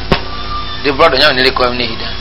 de brọdọ yẹn ò nílé kọ́ ẹ̀ níyì dáa.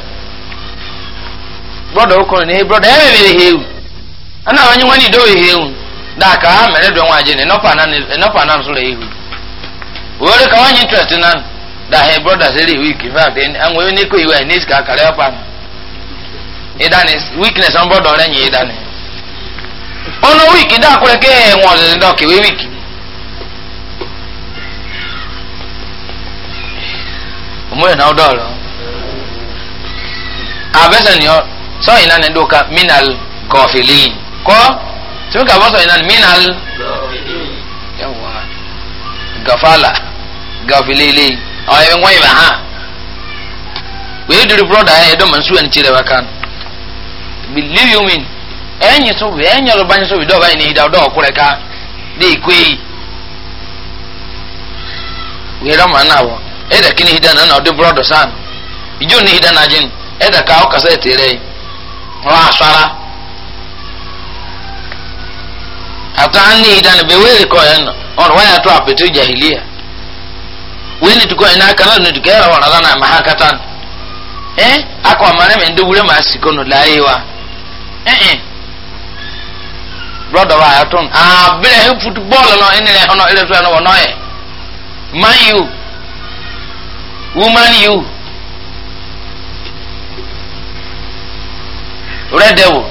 brọda okoro na brọda ya mebiri ihe ewu a na onye nwanyị idowe ihe ewu da ka ha mere dwe nwaanyị na enọpa na nsụrụ ihu were ka nwaanyị interest na da ha brọda sere iwu ike fa dị anwe onye ko iwu anyị ka akara ya pan idani weakness on brọda ọrịa nye idani ọnụ wiki da akwụrụ ka ihe e ọzọ ndị dọka iwe e wiki omume na ọdọ ọrụ abesa ni ọrụ so ina ne doka minal kofilin ko sun ka baso ina minal gafala gafilele a yi wani ba ha wee diri broda ya edo mansu en cire ba kan believe you mean enyi so we enyi lo banyi so we do ba ni da do kure ka de ikwe we ra ma na wo e da kini hidana na odo broda san ijo ni hidana jin e da ka o kasete rei wọn asara akan ni idan be wele ko en on waya to apetu jahiliya wele to ko en aka na to kera kata lana mahakatan eh akwa mane me ndubure ma sikono laiwa eh eh brother wa aton ah bele he football no en le hono ele man woman red devil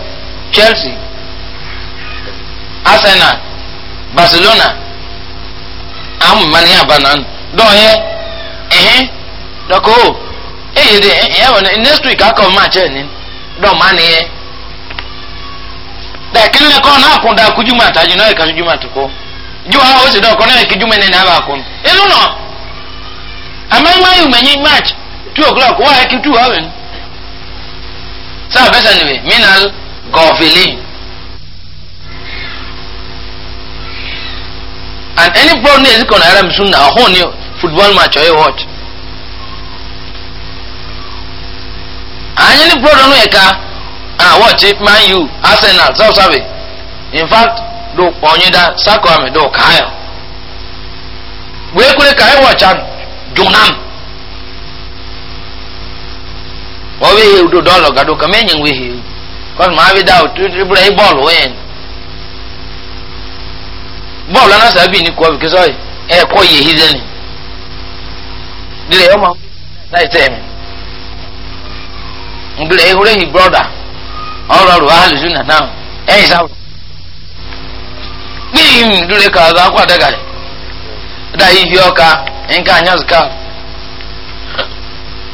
chelsea arsenal barcelona amụmanụ ya banan dọọhịa ehe eh, dọkọ o eyi eh, dị eh, ya na next week akọ match ẹni dọọmanụ ya da kí ni kọ́ náà kún dáa kújú máa tàjú náà ìkàtújú máa tukọ́ ju àwọn oṣù dọ̀kọ́ náà kíjú mẹ́ni náà bá kún inú nà àmọ́ ń wáyé ìmẹ̀yìn match two o'clock wáyé kí two hours. sáà fẹsẹ̀ nìwé minal gọ̀vìlì. and any broad ní ezikọ̀ náírà mi sún náà ọ̀hún ni football match ọ̀yẹ́ watch. àyìn ní broad ọ̀nù ẹ̀ka and watch man u arsenal south survey in fact do ọ̀nyẹ́dá sákọ̀ àmì do kàáyọ̀ kule kúrẹ́ watch am owe he do dọlọ gado kama enye nwe he kọs ma abi dawo tuturi bula i ni bi kisọ ẹ kọ yẹ hi dile hi broda ọrọ rọ ahalusu nana ẹyin sáwọ bí ìhìn dúró kàwé akọ àdàgàlẹ dá ihi ọka anya anyazuka.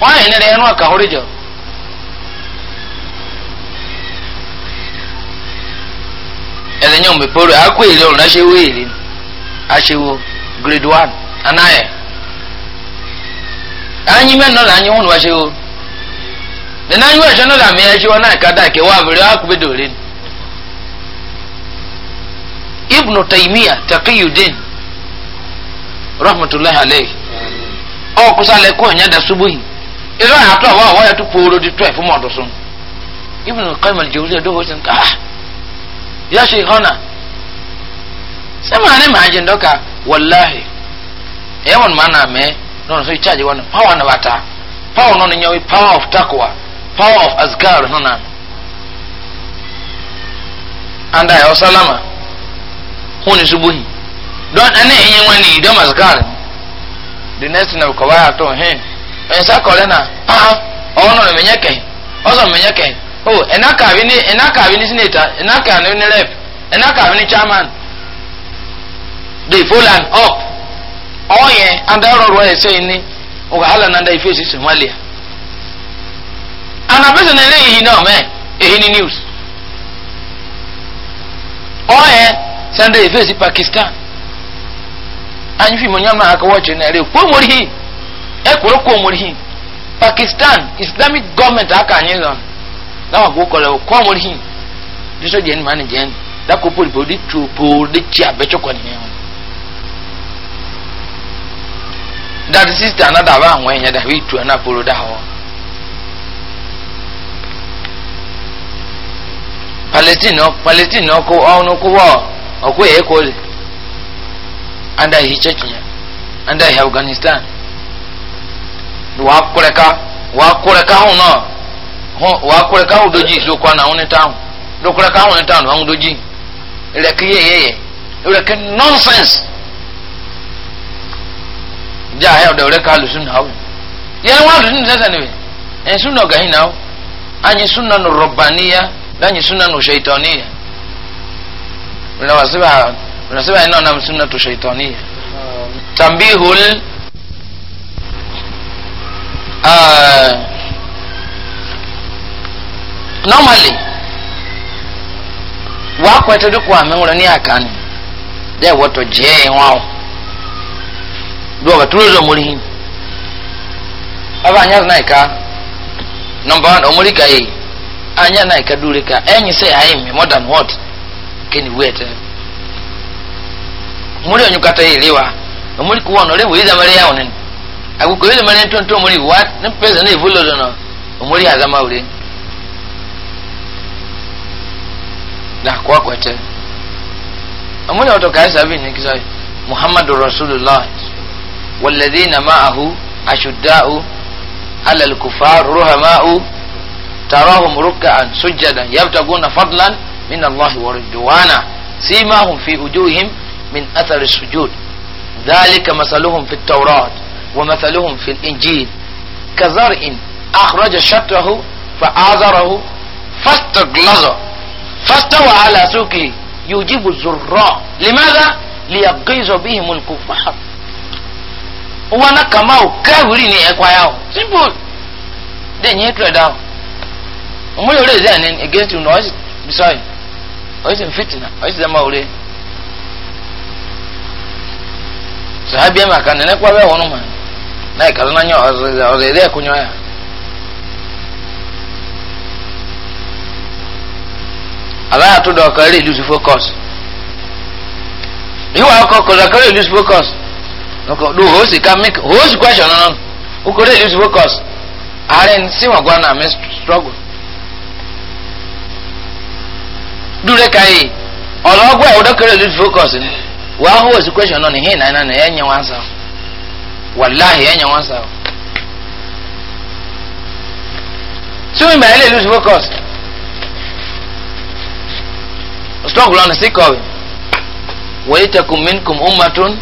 wọn yẹn nira yẹn nù àkàhórí jọ. ẹ̀rẹ̀ yẹn mi poro akó èlé ọ̀run aṣẹ́wó èlé aṣẹ́wó grade one anáyẹ. anyi mẹ́rin náà anyi wọn wá aṣẹ́wó nínú anyi wọn aṣọ na làmì aṣẹ́wó náà na dà kéwàá abẹ́rẹ́ akúbẹ́dọ̀ rẹ̀ ni. ibnu taimiya taqiyuddin rahmatullahi alayhi. ìlú àyàtọ̀ wà wọ́n yẹ tó kóró di tó ẹ̀ fún mọ̀tò sùn ibùdó kọ́ìmọ̀ lè jẹ́wọ́sẹ̀ dọ́wọ́ sí nǹkan ah yà ṣe hànà sẹ́mọ̀nà ni màá jẹ́ ndọ́ka wàláhì ẹ̀yẹ́ wọn màá nà mẹ́ lọ́nà sọ́yìn chaajì wọn pàwọ́ nà bàtà pàwọ́ nà ni nyẹ́wé power of takwa power of asgar hànà anda ẹ̀ ọ̀sálámà hún ní subuhi dọ́n ẹni ẹ̀yẹ́ wọn ni ìdọ́m asgar the next thing na kọ̀ wáyà tó hẹ́n. ɛsɛ kɔlɛ na paa ɔwɔ nɔ mɛnyɛ kɛ ɔsɔ mɛnyɛ kɛ o ɛna kaabi ni ɛna kaabi ni sineta ɛna kaabi ni rep ni chairman de folan up ɔyɛ anda rɔrɔ ni wahala nanda ife si somalia anapɛsɛ na ɛlɛ ehi naa mɛ ehi ni news ɔyɛ sanda ife si pakistan anyi fi mo nyam na akɔwɔ na ekworo kwa omurihi pakistan islamic government aka anyị lọ dawa bụ ụkọrọ kwa omurihi jiso jen mani jen dako poli poli tu poli chi abechokwa ni mewa dadi sista na daba anwa enya da wi tu na polo da ho palestine no palestine no ọnụ onu e ko wo okwe ekole anda hi chechnya anda hi afghanistan wa kureka wa kureka hu na hu wa kureka hu doji so kwa na huni tahu do kureka hu ni tahu hu doji ile ki ye ye ile ki nonsense ja he do ile ka lu sun hawo ye wa lu sun sasa ni en sun no gahin nawo anyi sunna no rabbaniya da anyi sunna no shaytaniya unawasiba unasema ina na sunna tu normally wakwete duk wa min wani aka ne da wato je wa do ga turo muri aba anya na ka number 1 omuri ka yi anya na ka dure ka enyi sai ayi mi more than what kini wete muri onyu kata ilewa omuri kuwa no lewe iza mare yawo ne aguko iza mare tonto muri wa ne pesa ne vulo no omuri azama ure da kwa kwete amuni wato kai sabi ne kisai muhammadu rasulullah والذين معه أشداء على الكفار رهماء تراهم ركعا سجدا يبتغون فضلا من الله ورضوانا سيماهم في وجوههم من أثر السجود ذلك مثلهم في التوراة ومثلهم في الإنجيل كزرع أخرج شطره فآزره فاستغلظ فاستوى على سوقه يجيب الزراء لماذا ليغيظ بهم الكفار وانا كما كاوري ني اكواياو سيمبل دين يتر داو ومولي ولي زانين against noise بسوي oyi sin fitina oyi sin zama wure sahabi ya maka nene kwa wewe wonu ma na ikazana nyo ozere kunyo àbáyà tó dọ̀ ọ̀kan reduce focus ìwà ọkọ̀ kò dọ̀ ọ̀kan reduce focus ọkọ̀ do hòsì ká make hòsì question náà ó kò reduce focus ààrẹ sí wọn gbọ́n náà mi struggle dúró káyé ọ̀lọ́gbọ́ ẹ̀ ọ̀dọ́ kan reduce focus ni wàá hòsì question náà walila náà náà ẹ̀ ń yẹn wọn sá wàláhì ẹ̀ ń yẹn wọn sá. lè strong ground si ko walitakum minkum ummatun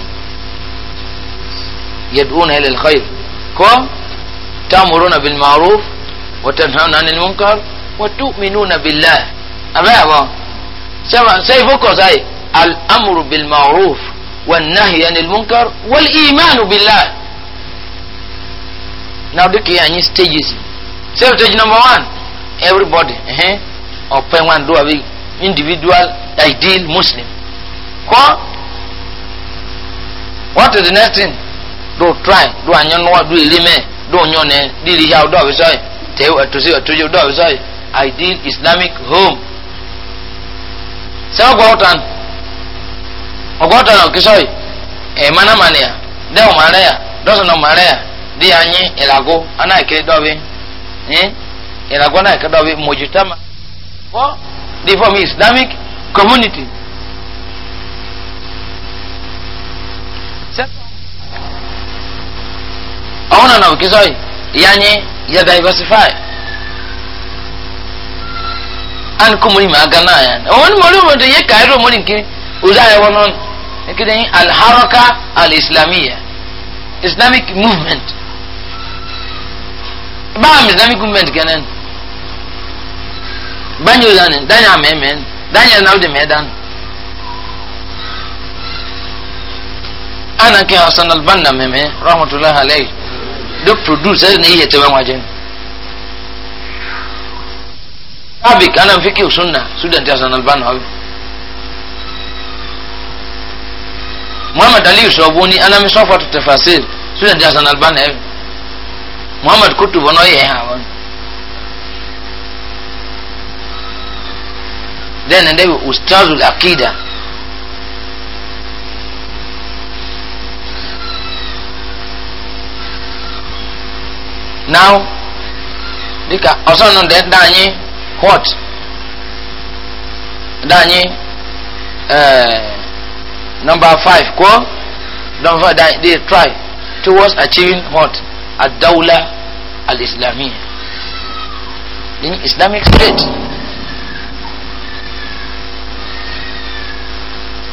yad'una ila alkhair ko ta'muruna bil ma'ruf wa tanhauna 'anil munkar wa tu'minuna billah aba ba sama sai foko sai al amru bil ma'ruf wan nahyi 'anil munkar wal iman billah now diki any stages so stage number one everybody eh uh -huh. open one do abi individual ideal muslim ko what is the next thing do try do anyanwa do elime do onyone do ilihi do abisai te atusi atuji do abisai ideal islamic home sɛ ɔgɔɔtan ɔgɔɔtan na ɔkisɔi ɛmana e mania dɛ ɔmare a dɔsɔn na ɔmare a de anyi ilago e ana ekele dɔbi eh, ɛn e ilago ana ekele dɔbi mojutama fɔ they form Islamic community. àwọn ọ̀nà òkè sọ́yì ìyá ni yẹ diversify and kòmùrì mà gán náà yẹn àwọn ọ̀nà mọ̀rí ọmọdé yẹ kàírò mọ̀rí nkiri ọ̀dà ẹ̀wọ̀ náà nkiri ní alharaka alislamiyya islamic movement báà mi islamic movement gẹ́nẹ́ banyu dani dani amemen daniel nam de medan ana ke hasan albanna meme rahmatullahi alayhi duk produce ne yete ban wajen abi kana fiki sunna sudan ta hasan albanna abi muhammad ali sobuni ana mi sofatu tafasir sudan ta hasan albanna abi muhammad kutubu no ye ha wani then and then ustazul akida now dika ọsọnù dẹ danyi what danyi ẹẹ eh, number five kọ number five danyi dey try towards achieving what adawla al-islamiyya in islamic state.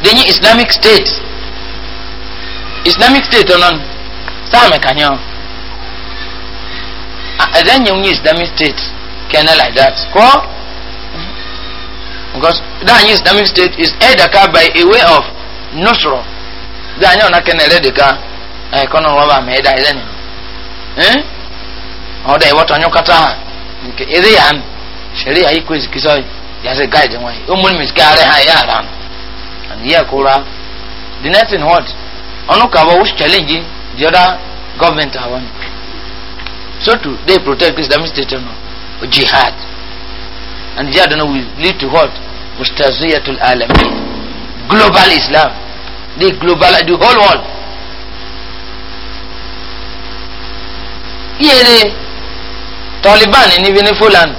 denye islamic state islamic state ọ̀nà sáàmì kanyọ ẹ̀dẹ́nyẹ̀ ń yí islamic state kẹ́nẹ́ like that kọ́ because that new islamic state is ẹ̀dàká by a way of neutral dáa nyẹ́ ọ̀nà kẹ́nẹ́ ẹ̀dẹ́dẹ́ká ẹ̀kọ́ náà wọ́n bá mi ẹ̀dá ẹ̀dẹ́nyẹ̀ ẹ̀ ọ̀dà ìwọ́tọ̀ ọ̀nyọ́ kátà hàn nke ẹ̀dẹ́yà ń ṣẹ̀rí àyíkó ìsìkísọ́ yà sẹ́ gáìdì wọ̀nyí ó múlùmí sikẹ́ àárẹ̀ hàn yà àrà nù yẹ kura the next thing what ọ̀nù kàwọ́ which challenge the other government àwọn so to dey protect islamic state ọ̀nà jihad and jihad ọ̀nà will lead to what mustaziyatul Alam, global islam the global the whole world yéere taliban níbi ní fulani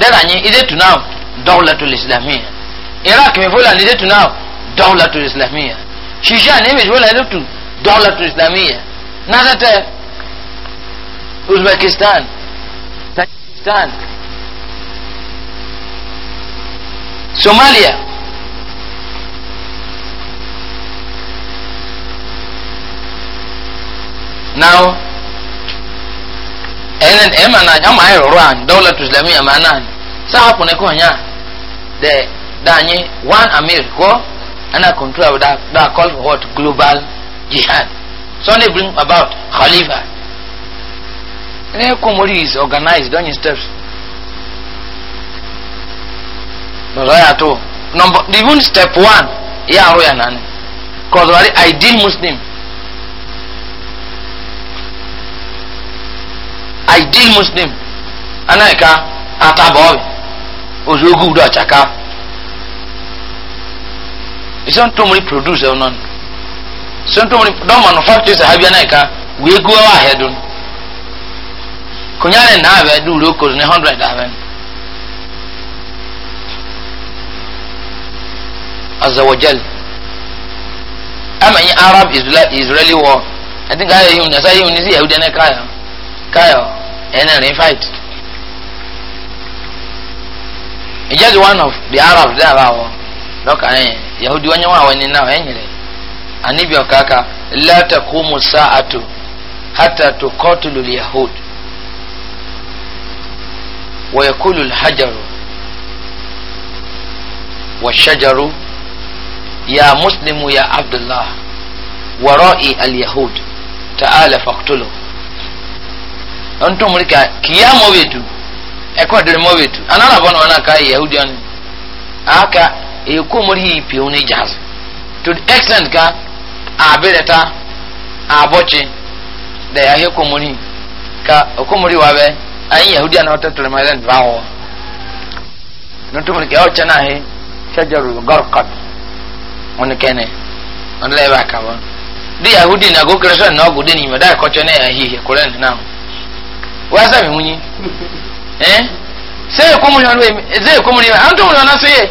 dẹ́rẹ́ ànyìn is it to now dawlatul islamiyya iraq mi fulani is it to now dawlatul islamiyya shisha ne mai wala lutu dawlatul islamiyya na da ta uzbekistan tajikistan somalia now ɛnɛ ɛma na ama ayɛ e rɔrɔ a dawlatul islamiyya ma na saa hapɔ ne kɔn ya dɛ daanyi one amir kɔ and I control that, that call for what? Global jihad. So they bring about Khalifa. And then Komori is organized, don't you steps? But I have to. Number, even step one, yeah, oh, we are none. Because we are ideal Muslim. Ideal Muslim. And I can't, I can't, I can't, I isan tó mori produce ẹ̀ nọ́ni isan tó mori dọ́n manufacture sahabi ẹ̀ náà ká wíyé gu ẹ̀ wá ahẹ́ dùn kònyálẹ̀ do bẹ̀ dùn ló hundred ní hundred ahẹ́ azawajal ama yin arab israeli war i think ayé yìí nasa yìí ní sí yahudi ẹ̀ náà káyọ̀ káyọ̀ ẹ̀ fight. It's just one of the Arabs there, Look at him yahudi wanya wa wani na enyere anibi okaka la taqumu sa'atu hatta tuqatilu al-yahud wa yakulu al-hajaru والشجر يا مسلم يا عبد الله ورائي اليهود تعالى فاقتله أنتم مريكا كيا مويتو أكو أدري مويتو أنا لا بنا أنا كاي يهودي أنا أكا eku muri hi piu ni jaz to the extent ka abireta abochi da ya heku muri ka oku muri wabe ayin yahudi na wata tulmailan bawo don tumur ke yawace na he shajaru garkat wani kene wani laiba ka ba di yahudi na gokere shan na ogu dini ma da kọchọ na ya hihe kuren na wa sami munyi [LAUGHS] eh sai ya kumuri wani zai kumuri an tumuri wani sai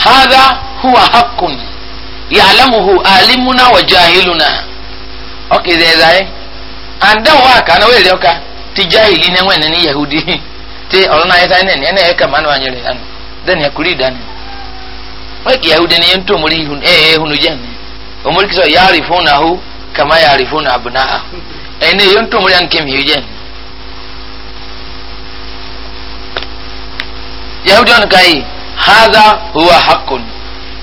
هذا هو حق يعلمه عالمنا وجاهلنا اوكي ذي ذي عند واك انا ويلي اوكا تجاهلي نوين ني يهودي تي اورنا يتا ني انا هيك ما نواني لي انا دن يكري دان ويك يهودي ني انتو مري هون ايه هونو جن ومري كسو يعرفونه كما يعرفون ابناءه اين ينتو مري ان كم يجن يهودي ان كاي هذا هو حق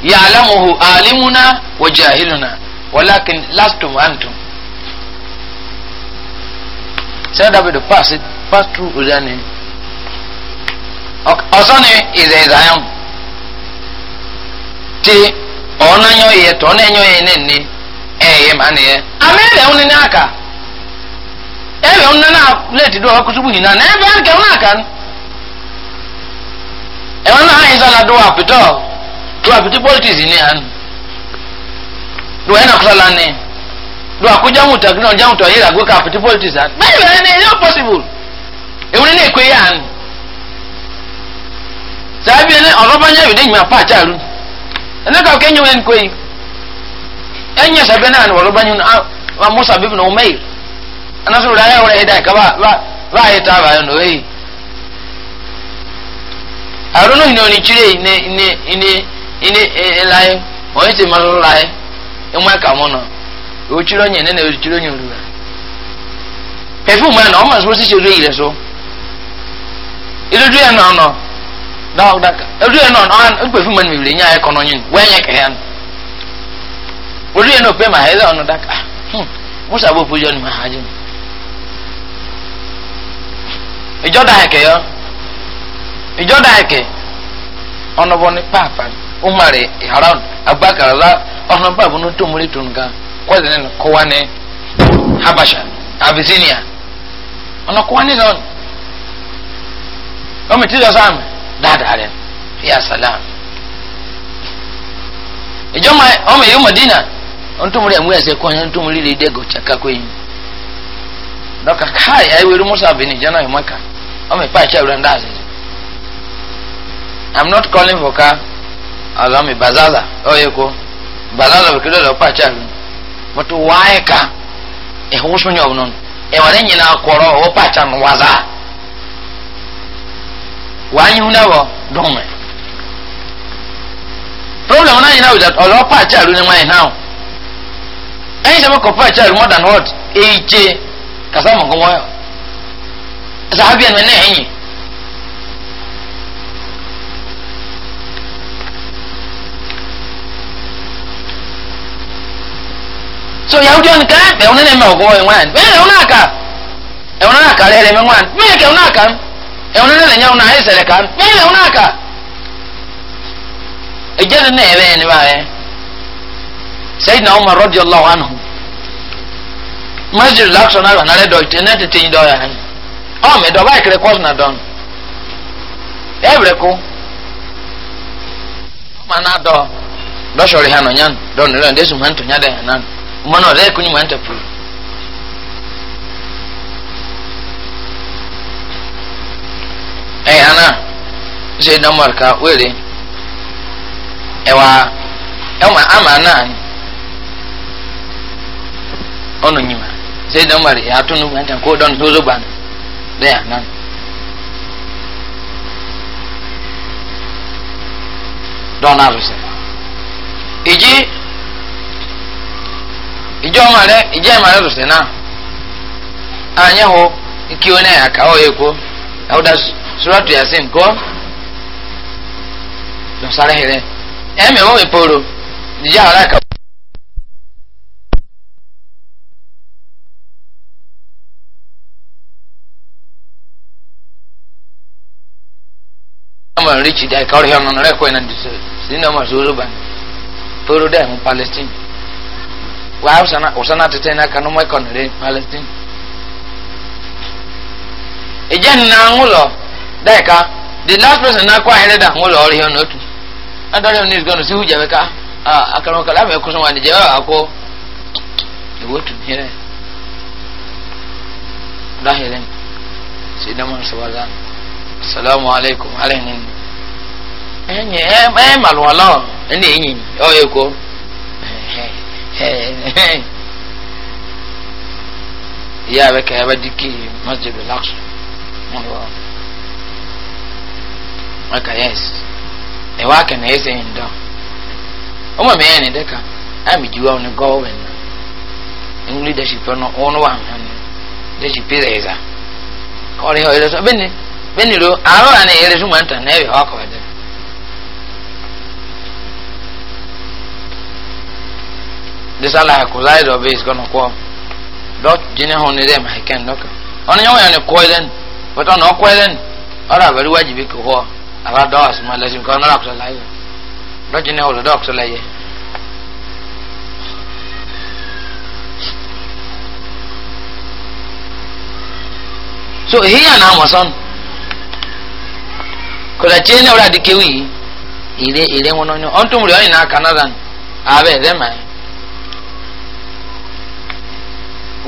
يعلمه عالمنا وجاهلنا ولكن لستم أنتم sẹ́dá bẹ̀rẹ̀ pass it pass through ọ̀dánì ọ̀sánì ìzẹ̀ ìzàyàn tí ọ̀nàyàn yẹ tọ́nàyàn yẹ ní ní ẹ̀yẹ mà nìyẹn. àmì ẹ̀rẹ̀ ń ní àkà ẹ̀rẹ̀ ń nánà lẹ́ẹ̀tì dùn ẹ̀wọ̀n náà àyìn sọ́la do àpìtọ́ do àpìtọ́ politics ní àná do ẹ̀ náà kọ́sọ́la ní do àkójáwù tàbí náà jáwù tọ̀ yẹ́ làgbo ká àpìtọ́ politics àná bẹ́ẹ̀ bẹ́ẹ̀ ni yóò possible èwo ni ní èkó yẹ́ àná sàbí ẹni ọ̀rọ̀ bá nyẹ́ ìdí ìgbìmọ̀ pàtẹ́ àlù ẹni kàwé kẹ́nyẹ́ wọn kọ́ yìí ẹnyẹ sàbí náà ni ọ̀rọ̀ bá nyẹ́ wọn musa bíbí na ọmọ yìí ẹni sọ̀rọ̀ ayé wọn ẹ̀dá ìkàwé báyìí tá a báyìí nà arono na ni chire na ine ine ine elai ka mo na o chiro ya na no da o da e ya na no an perfume mi le nya e kono nyen we ìjọba ẹ̀kẹ́ ọ̀nàbọ̀ ní pàápàá umar haram abubakar la ọ̀nàbọ̀ àbúrò tó múlẹ̀ tó nǹkan kwazini ní kọ́wá ní habasha abyssinia ọ̀nà kọ́wá ní lọ́nù ọmọ ìtìjọ sáà dáadáa rẹ fi àsàlám ìjọba ọmọ mọ̀dínà ẹ̀sẹ̀ kọ́ lè dẹ́gọ̀ yìí dọ́kà káyà ẹ̀wẹ̀rẹ̀ jẹ́ náà ẹ̀ ọmọ ìpá I'm not calling for car azami bazaza oyeko oh, bazaza bukiro da pacha mutu waika e husu nyo non e wale nyina koro o pacha waza wanyi hunawo dome problem na nyina with that olo pacha ru ni wai now en se ko pacha ru more than what eje kasama ngomwa sahabi en ne enyi so yahudi ɔni a ɛwɔ ne nɛmɛ ɔgɔ ɔyɛ ŋwan mɛ ɛwɔ n'aka ɛwɔ n'aka lɛ ɛrɛ ka ŋwan mɛ ɛkɛ ɛwɔ n'aka ɛwɔ ne nɛmɛ nyɛwɔ n'ayɛ sɛlɛ kan mɛ na ɔma rɔdi ɔlɔ wa no masjid na na lɛ dɔ na dɔn ɛbrɛ ko na dɔ dɔsɔri ha na ɔnyan dɔ ne lɛ ɛdɛ sum to nya na mmanu ọdẹ kò ní mọ ntẹpuru ẹ ana ṣe na mọrika ka ma ama náà ọnụ nyima ṣe na mọri ya ato nínú ntẹ ana. ìjọ ọmọ rẹ ìjẹ ìmọ rẹ lùsìn náà ànyẹ hó kí wọn náà àkàwọ yẹ kó àwòdà sùrọ̀tù yà sí nkọ́ lọ́sàrẹ́ hẹrẹ ẹ̀ mẹ́wọ́n mi pòrò ìjẹ àwọn àkàwọ. ọmọ rìchì dá ẹ̀ka ọ̀rẹ́ ọ̀nà rẹ̀ kọ́ ẹ̀ náà dùsọ̀ sínú ọmọ sọ̀rọ̀ bá palestine. wa usana usana tete na kanu mo kon re palestine eje na ngulo deka the last person na kwa hele da ngulo ori hono tu adore on is going to see huja weka ah akano kala me kuso wa nije wa ko e wotu here da hele sai da mun assalamu alaikum alaikum enye e, e, e malwala ene enyi o yeko ìyá rẹ kẹ ẹ bá di kí masjid relax wọn lọ yes, kà yẹs ẹ wá ẹsẹ yìí dọ ọmọ mi yẹn ni dẹka ẹ mi ju wọn ni gọwọmẹ nà ẹnu leadership ẹ náà wọn wà hàn ní leadership ẹ rẹ ẹza ọ ní sọ bẹ́ẹ̀ ni bẹ́ẹ̀ ni lo àárọ̀ àná ẹ yẹ lọ sọ mọ̀ ntàn náà ẹ yọ ọkọ̀ ẹ̀dá. disa la kulai do be is gonna ko dot jine hon ne dem i can look on yo yan ko len but on ko len ara bari wajibi ko ho ara do as ma lazim ko na ko lai dot jine hon do ko lai so here na mo son ko da jine ora dikewi ire ire wono on tumuri on na kanadan abe dem ai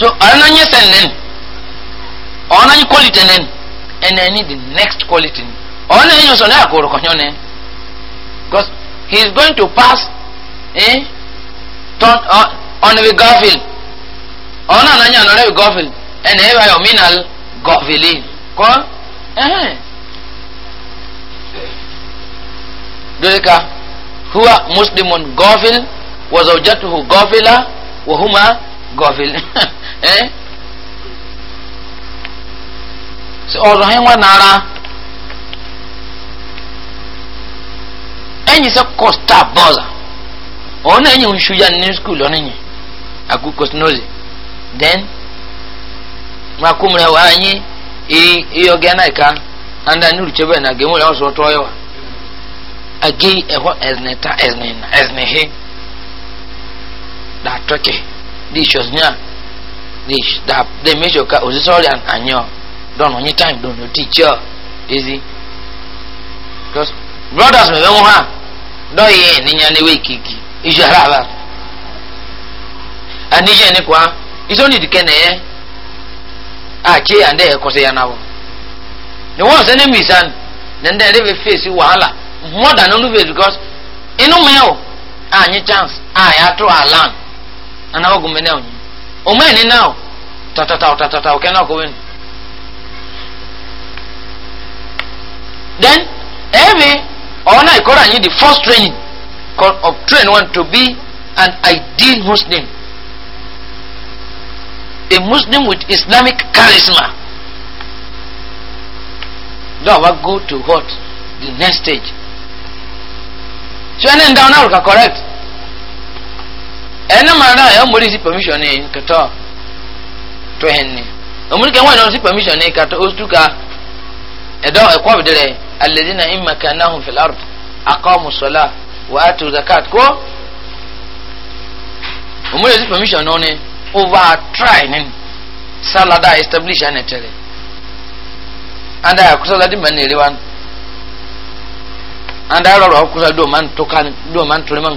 so ọ̀nà nye sẹ̀lẹ̀n ọ̀nà nye quality nẹ́n ẹ̀nà ẹni the next quality ọ̀nà ẹ̀yìn sọ̀nà àgọ̀rọ̀ kọ̀nyọ́ nẹ́ because he is going to pass eh, turn, uh, on the gọ́fìl ọ̀nà ànányà ọ̀nà rẹ̀ gọ́fìl ẹ̀nà ẹ̀yìn ayọ̀ mìíràn gọ́fìlì kọ́ ẹ̀hẹ́n lórí ká huwa muslimun gọ́fìl wọ́n zọ̀jẹ́tuhu gọ́fìlà wọ́n huma. gọvil ee ọzọ ha nwa nara enyi sɛ costa bɔza oh, na-enye nsu ya ne school ɔno enyi aku cosnozi then ma kumre wa anyi e iyo e, gana ka anda nuru chebe na gemu la so to yo agi eho ezneta eznena eznehe da dish osnya dish da de mejo ka ozisori an anyo don onye time don no teacher easy because brothers me won ha do ye ni nya ni we kiki ijo ba and nije ni kwa izo ni dikene ye a che and e ko se ya nawo the ones enemies and then they dey face wahala more than only because inu me o anyi chance a ya to alarm ana wa gumbe nawo umma ni nawo ta ta ta ta ta ta kana ko wen then every ona ikora ni the first training of train one to be an ideal muslim a muslim with islamic charisma now we go to what the next stage so any down now correct ɛna maa na ɛyɛ ɔmori si permission ne tɔtɔ to hɛn ne ɔmori kan wɔn na ɔsi permission ne kata osu ka ɛdɔ ɛkɔ bi dɛrɛ alɛdi na ima kan na hun filar akɔ musola wàá zakat ko ɔmori si permission no ne over try ne salada establish ɛna tɛrɛ anda akusa di mɛ ne wa anda yɔrɔ rɔ do man to do man to ne man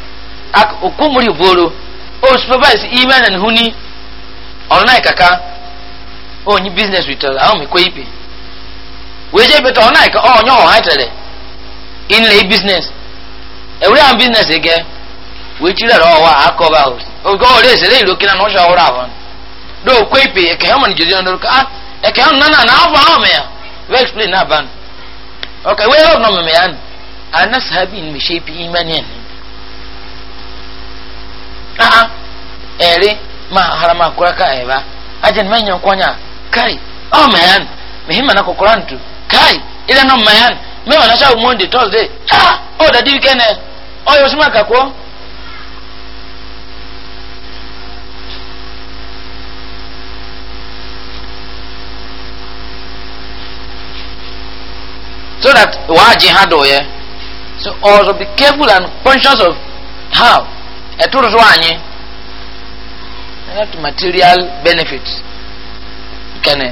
okumuri voro o supervise email and huni kaka o ni business with us uh, awon mi ko ipe weje beto online ka o nyo ha tele in lay business every am business again we chira ro wa akoba house o go re se do ko ipe e ke hamon jodi ka nana ah, ah, na ava ha ya explain na ban okay we hope no me me an anas a'a ah, ah. ere ma harama kura ka eba ajin manyan kai oh man muhimman na kokoran tu kai idan no man me wana sha monday thursday ah oh da di kene oh yo sima ka so that waji hado ye so also be careful and conscious of how ɛtoro so anyi ɛna to material benefit kɛnɛ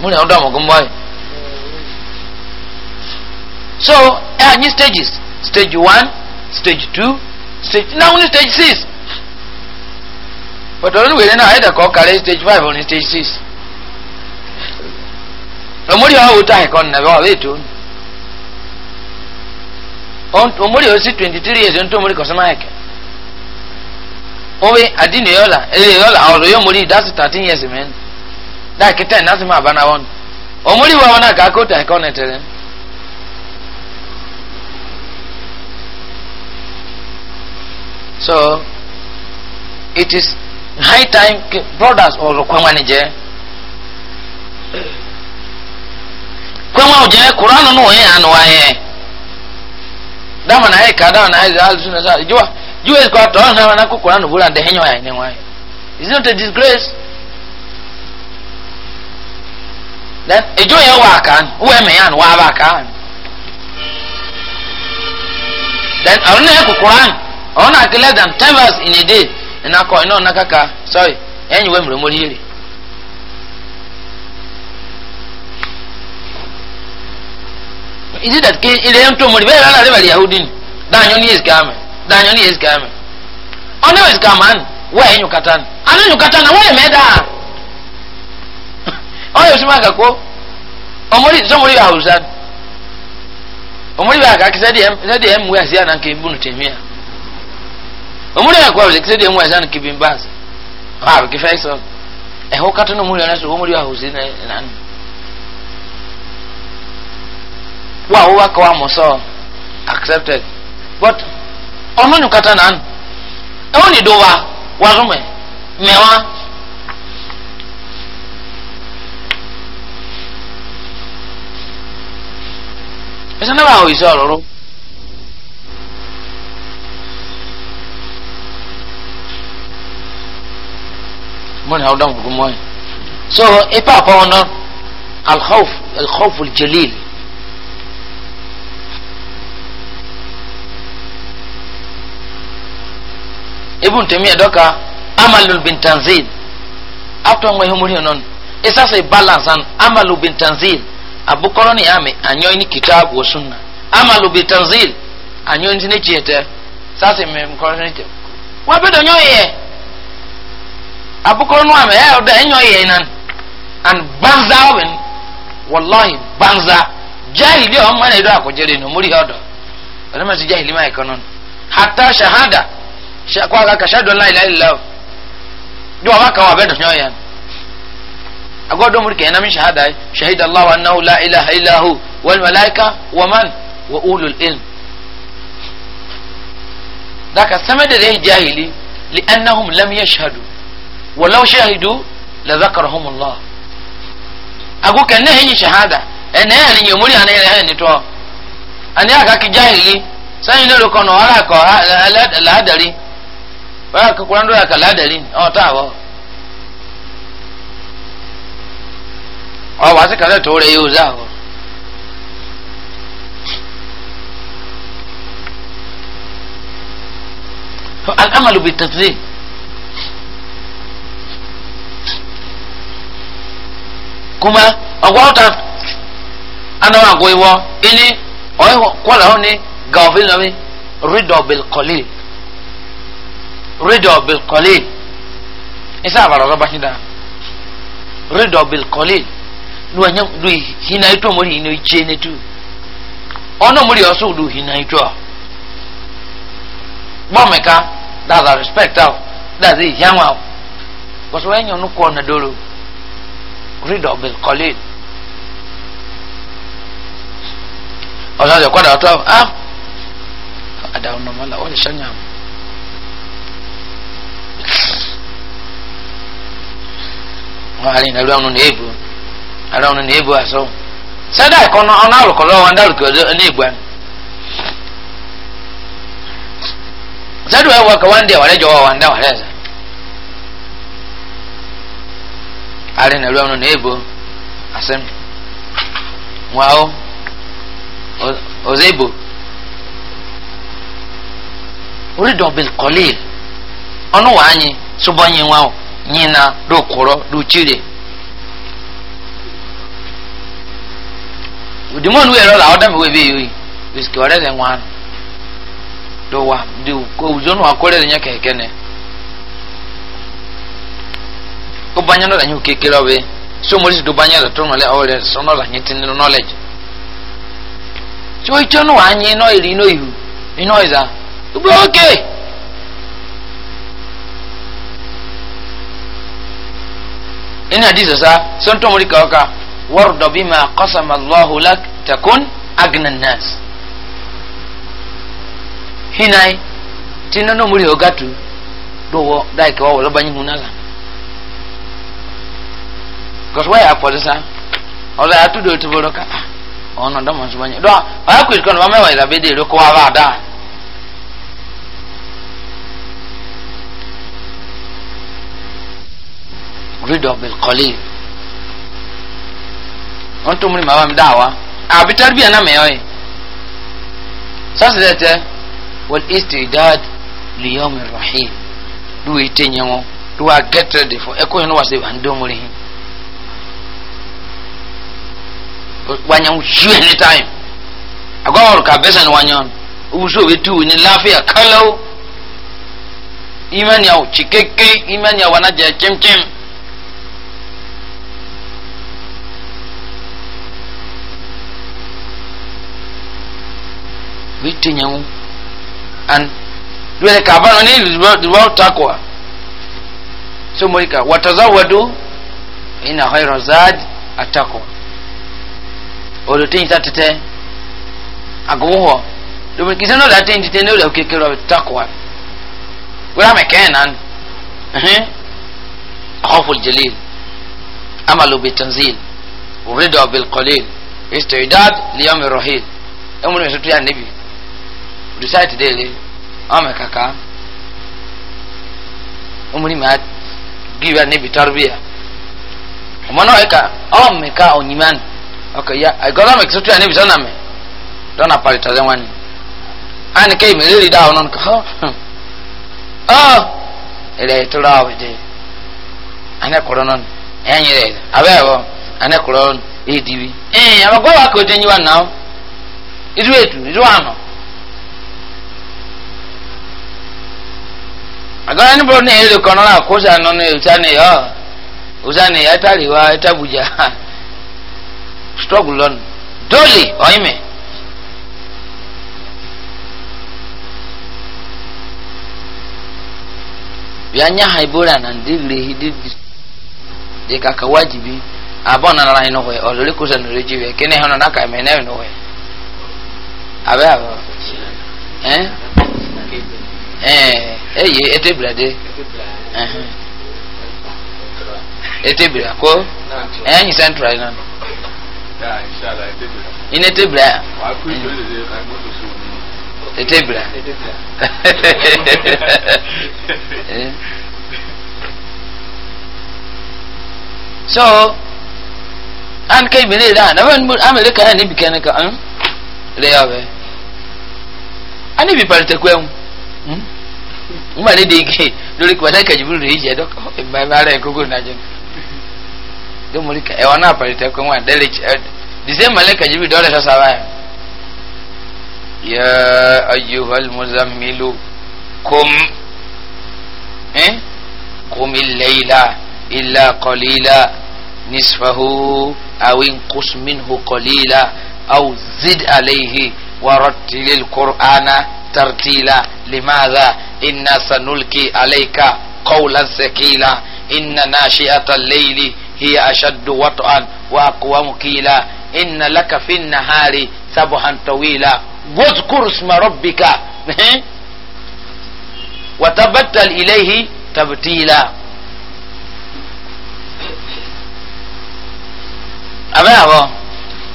mo na ɔdɔ amogun bɔyɛ so ɛ anyi stages stage one stage two stage Now, only stage six But ɔno wele na ayɛ dɛ kɔ stage five only stage six ɔmo de ɔwɔ ta ɛkɔ nnabɛ ɔbɛ eto no. omori osi twenty years nto omori kɔsɔ naa kɛ adi ne yɔla ee yɔla ɔlɔ yɔ that's thirteen years man daa kita ina sima abana wɔn omori wa wɔn a ko ta kɔn so it is high time brothers ɔlɔ kwan wa jɛ o jɛ kuranu o yɛ dama na heka dama na hizo hali sunna sana jua jua iko watu na wana na nubula nde henyo ya inenwa is not a disgrace then ejo ya wakan uwe meyan wa wakan then auna ya kukuran auna less than 10 in a day na ino nakaka sorry enyi we mromori hili is it that ilẹ̀ yẹn tó mọ̀ ní bẹ́ẹ̀ rárá rẹ̀ bẹ̀rẹ̀ yahudi ni dáhùn ní ìsìkàmù dáhùn ní ìsìkàmù ọ̀nà ìsìkàmù àná wọ́ọ̀ ẹ̀yìn kata ni àná ẹ̀yìn kata ni wọ́ọ̀ ẹ̀mẹ́dá ọ̀yọ̀ súnmọ́ àkàkọ́ ọmọdé sọmọdé yà àwùjá ọmọdé yà àkàkí sẹ́dí ẹ̀mú ẹ̀ sí ànánkè bùnú tèmíà ọmọdé yà àkọ́ àwùjá sẹ́dí ẹ̀mú ẹ̀ sí ànánkè bímbáàsì ọ̀ àbùkí fẹ́ sọ wa wo wa kawa muso accepted but ọ̀nà nyù kata nan ẹ̀wọ̀n ni do wa wa zo mẹ mẹwa ẹsẹ̀ náà bá wọ ìṣe ọ̀rọ̀rọ̀. mọ̀nì àwọn ọ̀dọ́ mọ̀gbọ́n mọ́ni so ipa àpọ̀ wọn náà alkhawf alkhawf ibn temiya doka amalul bintanzil. tanzil after ngwe humuri non isa balance an amalul bintanzil. tanzil abukoro ni ame anyo ni kitabu wa sunna amalu bin tanzil anyo ni ne jete sasa me mkoro ni jete wa bedo nyo ye abukoro no ame ya oda enyo ye nan an banza wen wallahi banza jahili o mwana ido akojere no muri hodo Wadama si jahili maikonon. Hata shahada. kwaga ka shahadu la ilaha illallah do wa ka wa be do nyoyan agodo muri kenan min shahada shahida allah annahu la ilaha illahu wal malaika wa man wa ulul ilm daka sama da dai jahili li'annahum lam yashhadu walau shahidu la zakarahum allah ago kenan hin shahada ene ani yomuri ana ene ni to ani aka ki jahili sai ne lo kono ara ko la hadari la, la, la, la, la, la, la, la, báyà kúkúrú ń dọ̀rọ̀ kàlá dẹ̀rí ọ̀ tá àwọ̀ ọ̀ wá sí kàlẹ́ tó rẹ̀ yóò zá àwọ̀. الأمل بالتكذيب kuma ọgwọta anaghị agwọ iwọ ili ọ kwala ọ ni gaofilami ridọbil ridọ bilkọlil isa abara rọba hin da ridọ bilkọlil lu ẹnyẹ lu hinna itọ mori hinna itse netu ọna mori ọsọ lu hinna itọ gbọmẹka dada respect aw dada ihianwa aw wọsọ ẹnyẹ ọnu kọ na doro ridọ bilkọlil ọsọ ọsọ kọ da ọtọ ah adahun nọmọla ọ lè sanyàmù. afaari na ruwan na ebu ruwan na ebu aso sai da ko na na ko ruwan da ko na ebu an sai da wa ka wanda wa rajo wa wanda wa reza ari na ruwan na ebu asem wao ozebo uridu bil qalil onu wa anyi subanyi wao nyina do korɔ do kyire odimoni wo yɛrɛ la ɔdami wo ebe yoyi bisiki ɔrɛ lɛ ŋwan do wa do owuzɔnu akɔrɛ lɛ nyɛ kɛkɛ nɛ o banya nɔ la nyɛ o kekele ɔbɛ somori do banya la tɔnɔ lɛ ɔwɔ sɔnɔ la nyɛ tini nɔlɛdzi tí o tí o nu wa nyi nɔ eri nɔ ihu nɔ iza o bɛ oke. Ina hadisi sa sun to muri kawaka warda bima qasama Allah lak takun agna nas hinai no muri ogatu dowo dai ke wawo lobanyi hunala because why akwada sa ola atudo tuboroka ah ono ndo manzo banyi do akwi kono mama wa irabede ro ko abada rid of bilkolin wọn tó múni màmá mi dá wa àbí tẹ́lifíà náà mẹ́ọ́ yìí sọ́sì tẹ́tẹ́ wọ́n ìsìtì dáad lìyọ́mù rahim lùwẹ̀ ìtẹ̀ yẹn wọn lùwẹ̀ get ready for ẹ̀kọ́ yẹn ló wà sí wà ń dó múni yìí wanyan shi anytime agwawar ka besan wanyan uso betu ni lafiya kalau imani yau cikakke imani yau wana je cimcim wíìtì yẹn wò and lóye kaba náà ní ìdúró takò a so mo yíka wàtàzá wàdó ìnà ọ̀hìnrán záàdì àtakò òdò tí n ta tètè àgọ́wọ́ họ lóbi kìsẹ́ náà dà tẹ́yìn tètè ní òdò kékeré ọ̀ takò a wíwá mẹ́kẹ́yìn náà خوف الجليل عمل بالتنزيل ورضا بالقليل استعداد ليوم الرحيل أمر يسوع النبي recite daily ama eh, kaka umri ma giwa ne bitarbiya umana eka amme ka onyiman ya i gotta make sure ne don apali tazen wani kai me really da onon ka ah ele tura awede ana koronon enyire abebo ana koron edibi eh, eh abagowa oh. eh, ko now izu etu izu agora nipo ne ile kono la kosa no ne usane yo usane yatali wa etabuja struggle on dole oime bianya haibora na ndigre hididi de kaka wajibi abona na rai no we olori kosa no rejiwe kene hono na ka me ne no we abe abe eh ɛyɛ eh, eh, etebira de eh, etebira ko ɛyɛ anyi central na in etebira [LAUGHS] etebira so an kai bene da na ban amerika ne bi kenan ka an da yawa ani bi hmm? parta kwenu umar da yake lori kuma sai ka jibril da yake dok in ba ba rai kogo na jin don muri ka ewa na farita kun wa dare di sai malaika jibril dole ta saba ya ayyuhal muzammilu kum eh kum al-layla illa qalila nisfahu aw inqus minhu qalila aw zid alayhi ورتل القرآن ترتيلا لماذا إنا سنلقي عليك قولا ثقيلا إن ناشئة الليل هي أشد وطئا وأقوم قيلا إن لك في النهار سبحا طويلا واذكر اسم ربك [LAUGHS] وتبتل إليه تبتيلا أبنى أبو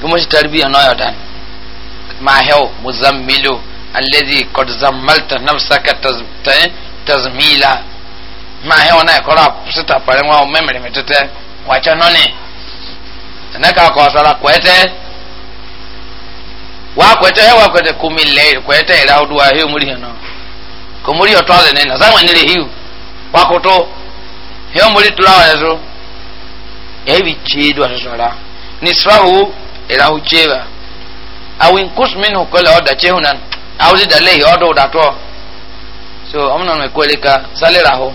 يمشي تربية نوية مع هو مزملو alẹ́dì kọ̀dùzàmọ́lítà nàbùsàkà tazmíla máa hẹ́ wọn náà kọ́ra síta pẹ̀lú wọn mẹ́mẹ́rẹ́ mi tẹ́tẹ́ wà á kyẹ́ nọ́ni ẹ̀nẹ́ka kọ́ sara kọ́ẹ́tẹ́ wà á kọ́ẹ́tẹ́ ẹ̀ wà kọ́ẹ́tẹ́ kọ́mi lẹ́ kọ́ẹ́tẹ́ ẹ̀rẹ́ ahodoɔ a ɛyɛ omori yɛn no kọ́mori yɛ tọ́lẹ̀ ní nasan wọ́n nílẹ̀ hiu wà á kótó ɛyɛ omori tura wọ́n yɛ so ɛyɛ bi tsie do asosora ní srawo ɛrɛ ahotie wa awin kusmin kɔlɛ ɔda hunan awusi dalei ɔdo datɔ so ɔmo na ɔmo ekwele ka salira ho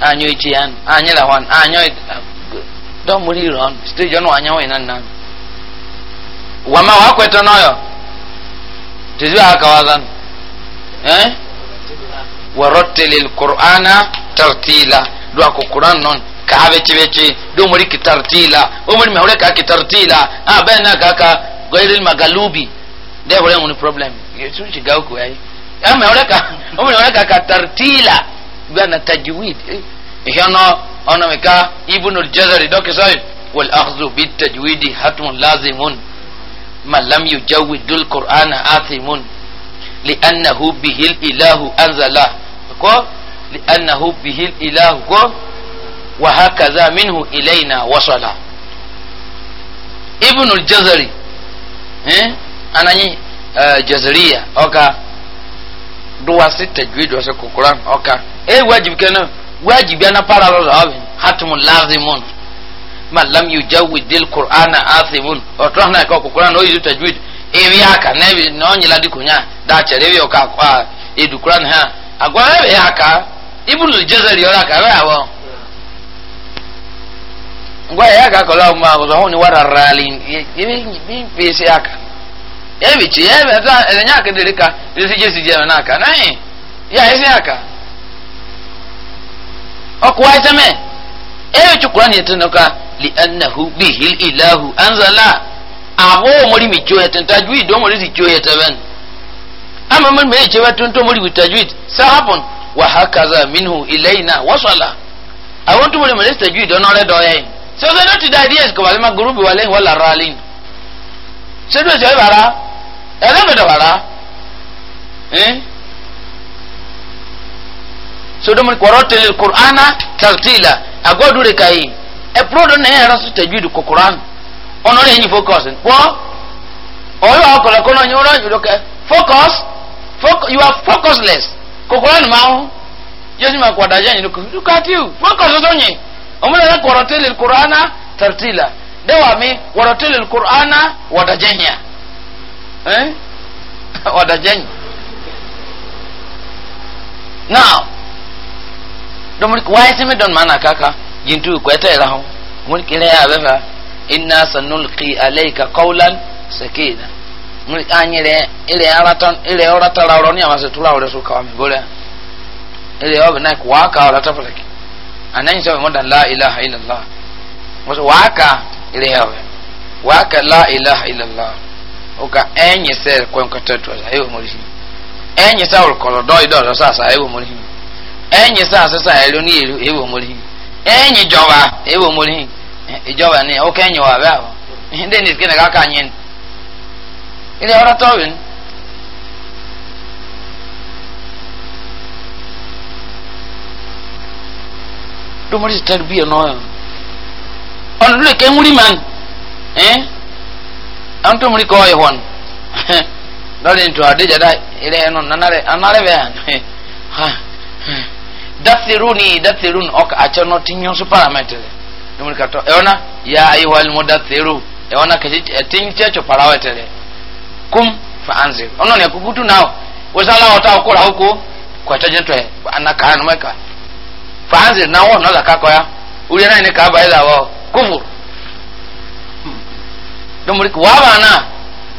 anyo echi yan anyo la hwan anyo dɔmori rɔn stage ɔno anyo wɔn nan nan wama wa kwetɔ n'ɔyɔ tizi wa aka wazan ɛn wɔrɔtele kur'ana tartila do ako kuran nɔn kaa bɛtɛ bɛtɛ dɔmori ki tartila ɔmori mɛ wɛrɛ ka ki tartila a bɛn na ka ka magalubi dɛ wɛrɛ ŋun ni problem. sun shiga uku yayi amma o amma oreka ka tartila ga na tajwid eh ihana ona ka ibn al-jazari doki sai wal akhdhu bit tajwidi hatmun lazimun ma lam yujawwid al-qur'ana athimun li'annahu bihi al-ilahu anzala ko li'annahu bihi al-ilahu ko wa hakaza minhu ilaina wasala ibn al-jazari eh ananyi jazariya oka duwa sita juid wasu kukuran oka eh wajibi kenan wajibi na fara da abin hatimun lazimun man lam yujawwid al qur'ana athimun oto na ka kukuran oyi tajwid ewi aka na ebi na onye ladi kunya da chere ewi oka kwa edu qur'an ha agwa ewi aka ibnu jazari ora ka wa wo ngwa ya ka kola ma go zo ni wararalin ebi bi pese aka ebichi ya ebe ta enye aka dịrị ka dịsị jesi ji eme n'aka naghị ya esi aka ọkụ iteme ewe chukwu anyị etu n'ụka li anahu bihi ilahu anzala ahụ omori mi chuo etu tajwid omori si chuo etu ebe ama mmiri mmiri chewe tuntu omori wi tajwid sa hapun wa hakaza minhu ilaina wasala àwọn tó wọlé mọ̀lẹ́sì tajwid ọ̀nọ́rẹ́ dọ̀ọ́yẹ́ sọ́sọ́ náà ti dá ideas kọ̀wálé ma gurubi wàlẹ́ ralin rálẹ́ sọ́dọ̀ sọ́yẹ́ bàrà ẹlẹ́mìí dọ̀bàrà eh? sodomi kɔrɔ tele kur'ana tartila agodu de ka ye ɛpuro do nɛɛ yɛrɛ sɔrɔ tɛjudu ko kur'an ɔnɔ de yɛ nyi focus bɔn ɔyɔ ɔkɔlɔ kɔnɔ nyi ɔnɔ yɛrɛ kɛ focus focus you are focusless ko kur'an ma wo yesu ma kɔ dajɛ yɛrɛ ko lukatiw focus sɔsɔ nye ɔmu de yɛrɛ kɔrɔ tele kur'ana tartila de wa mi kɔrɔ tele kur'ana wɔdajɛ yɛrɛ eh ọ̀dà [LAUGHS] jẹ́yìn now dominic wáyé tí mi dọ̀nù máa nà kaka yìntú kwẹ́tẹ́ ìlà hàn wọn kìlẹ̀ yà bẹ́fà iná sanulqi aleika kọ́wlan sakina wọn anyi rẹ ilẹ̀ aratan ilẹ̀ ọ̀ratan la ọ̀rọ̀ ní àwọn asètúlá ọ̀rẹ́ sọ kàwá mi bọ́lẹ̀ ilẹ̀ ọ̀bẹ náà kò wáá ka ọ̀rọ̀ tó pàtàkì sọ̀rọ̀ mọ́tàn la ilaha illallah wọ́n sọ wáá ka ilẹ̀ ọ̀bẹ wáá ka la ilaha illallah oka enyi se kwenkata tu ewo mori himi enyi sa olukolo doi dodo sa ewo mori himi enyi sa elu ni elu ewo mori himi enyi jọba ewo mori himi ìjọba eh, eh, ni ó kẹ́yìn wà bẹ́ẹ̀ o dennis kí ni ká kàn yín ilé ọ̀rọ̀ tọ́wìn. domori ti tẹ́lẹ̀ bí ẹ̀ náà ọ̀nà lóye kẹ́ ń wúrí màn anto muri ko ye hon [LAUGHS] dole to ade jada ire no nanare anare be an [LAUGHS] ha dathiruni dathirun ok achono tinyo su parameter numuri kato eona ya ayyuhal mudathiru eona kaji e, tinche cho parawetere kum fa anzir ono ne kukutu nao wesala wata okora huko kwa chaje to anaka anumeka fa anzir nawo no zakakoya uri nani ka baida wo kufuru domuriki wabana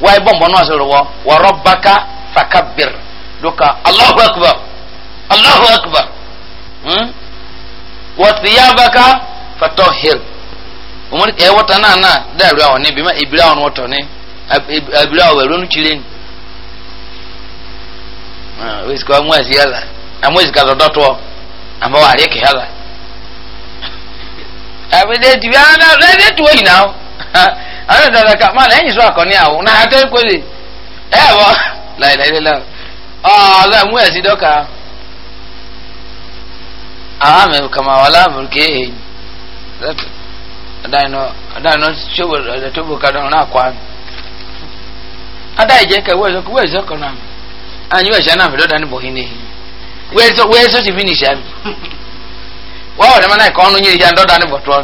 wai bombo no asoro wo wa rabbaka fakabbir doka allahu akbar allahu akbar hmm wa thiyabaka fatahhir umuri e wata na na da ruwa woni bi ma ibira won wato ne ibira eh, wa ronu chirin ah wis ko amwa siyala amwezi kazo dotwo ambao alieke hala abede tiana rede tuwe now na ọ̀rẹ́ dọ̀dọ̀ ká máa lẹ́yìn sọ àkọ́ni àwọn náà àti ìkọ́lé ẹ̀ wọ́ láìláìlélá ọ̀ọ́lá mú ẹ̀ sí dọ́ka àwọn àmì kàmá wà láàmùrù kéèyàn adáyìnà ṣòwò ọ̀dọ̀ tó bò kadà ọ̀nà àkọ́ àmì adáyìí jẹ́ kẹ́ wẹ́ẹ̀sọ́ wẹ́ẹ̀sọ́ kan náà àyìn wẹ́ẹ̀sọ́ náà mi dọ́dá níbọ̀ yín ní wẹ́ẹ̀sọ́ ti finish àmì wọ́n wọ̀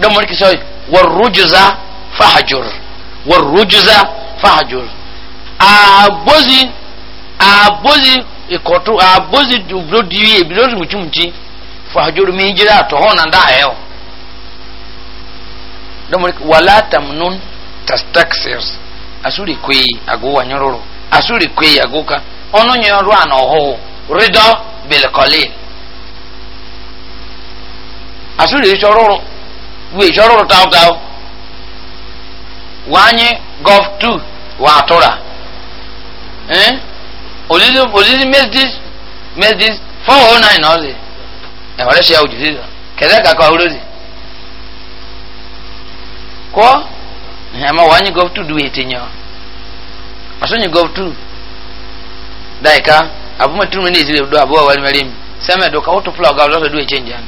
don mulki sai war rujuza fahjur war rujuza fahjur abozi abozi ikoto abozi dublo diwi ebilo muti muti fahjur mi jira to hona nda ayo don mulki wala tamnun tastaksir asuri kwe agowa wanyororo, asuri kwe agoka ono nyoro ana oho rido bil qalil asuri chororo wee chọrọ ụrụ taw taw wanye gov 2 wa atụra eh ozizi ozizi mezdis mezdis 409 ọzọ ẹ̀wọ̀rẹ́ ṣe àwùjọ sísọ kẹsẹ̀ kakọ ọ̀rọ̀zì kọ́ ẹ̀ma wanye gov 2 duwe etinye ọ asonye gov 2 daika abumatu mu ne zire do abuwa wali marim sɛmɛ do ka woto plug a ah, lɔsɔ do ekyɛn gyan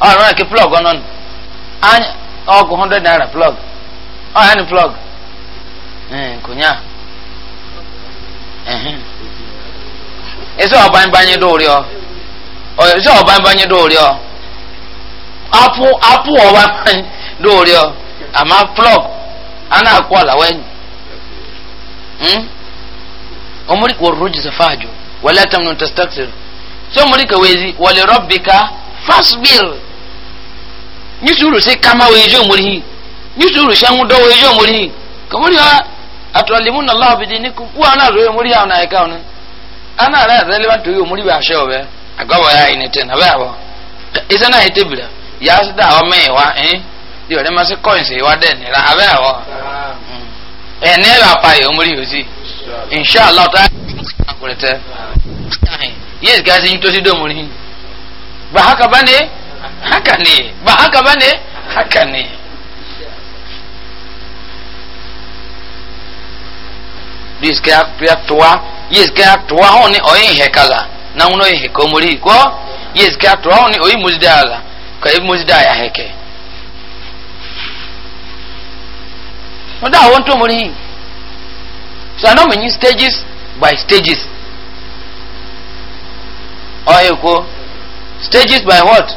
ɔn nana ke plug ɔnɔn anyị ọgụ 100 naira plọg ọ ya ni plọg nkunya ezi ọba mbanye dụrị ọ ezi ọba mbanye dụrị ọ apụ apụ ọba mbanye dụrị ọ ama plọg a na-akwụ ala wenyi hmm? omuri ko ruji safaju wala tamnun tastakthir so muri ka wezi wali rabbika fasbir ní sùúrù sí kama wo ijó mori yìí ní sùúrù sí ẹ̀hún dọ́wọ́ ijó mori yìí kòmórì wa àtúrọ̀lẹ́mú nà lọ́wọ́ bìdí Ana kú wà náà lóye mórí àwọn àyíká ọ̀nà àná àrẹ àrẹ́lẹ́wọ̀n tó yóò mórí bá aṣọ ọ̀bẹ àgọ́wọ̀ ya ẹni tẹ̀ nàbẹ́ àbọ̀ iṣẹ́ náà ètè bìrẹ̀ yà á sì dá àwọn mẹ́yìn wa ẹ̀ eh? di ọ̀rẹ́ máa ṣe kọ́ìnsì wa dẹ̀ nira abẹ́ àwọ̀ ẹ̀ ní ẹ̀rọ apayọ̀ mórí yóò sí inṣàlá ọ̀tá àkùrẹ̀tẹ̀ yíyẹ haka ne ba haka ba ne haka ne tuwa tuwa honi oyin hekala na uno ihe ko muri ko yeskia tuwa honi oyin ala ka ibi muzda ya heke wanda won to muri so i know many stages by stages oye ko stages by what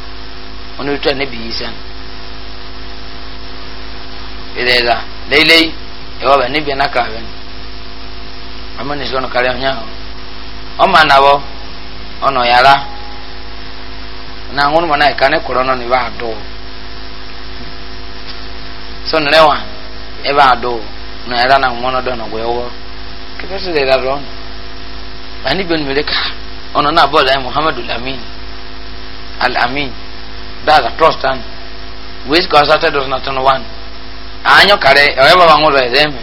ɔno retwa ne bii sɛn ɛdɛɛda leilei ɛwɔ e bɛ ne bi na kaa bɛn ɔmo ne sɔɔ no kari ɔnya hɔ na anabɔ ɔno yara na ahono mo na ɛka ne korɔ no ne ba adoo so nrewa ɛba adoo na yara na ahomo na dɔ na ɔbɔ ɛwɔ kɛtɛ so de ɛdɛɛda ɔno bi bɛ numere ka ɔno na bɔɔl ɛyɛ muhammadu lamin alamin. that's a trust and which consulted one anyo kare ewa wa ngoro ezeme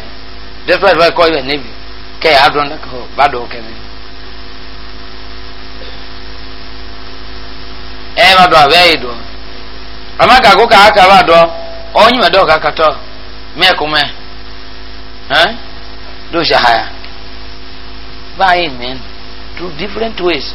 that's why why call you navy ke adon na ko bado ke me e ma do ave do ama ka go ka aka ba two different ways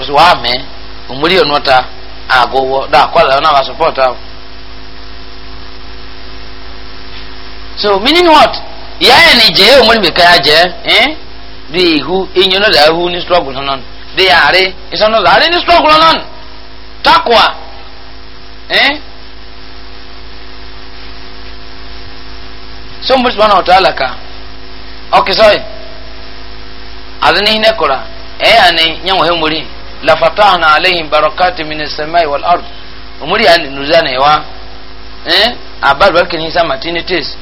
ọsọ wàá mẹ òmùrí ọ̀nà ọ̀ta àgọwọ dá àkọlẹ̀ ọ̀nà àwọn support am. so meaning what ìyá ẹ̀ ni jẹ́ òmùrí mi káyà jẹ́ ẹ́ eh? bí ihu eyín náà dàáhu ní struggle náà bí àárẹ̀ ìsọ̀nà àárẹ̀ ní struggle náà takwa ẹ́ eh? so mo ti wọn ọ̀tọ̀ àlàkà ọ̀kìsọ́yì àdínní hinẹ́kọ̀ra ẹ̀yà ni yẹn wọ̀ hẹ́ mọ́rí lafatahna alayhim barakati min as-samai wal ard umuri ali nuzana yawa eh abal barkin hisa matinitis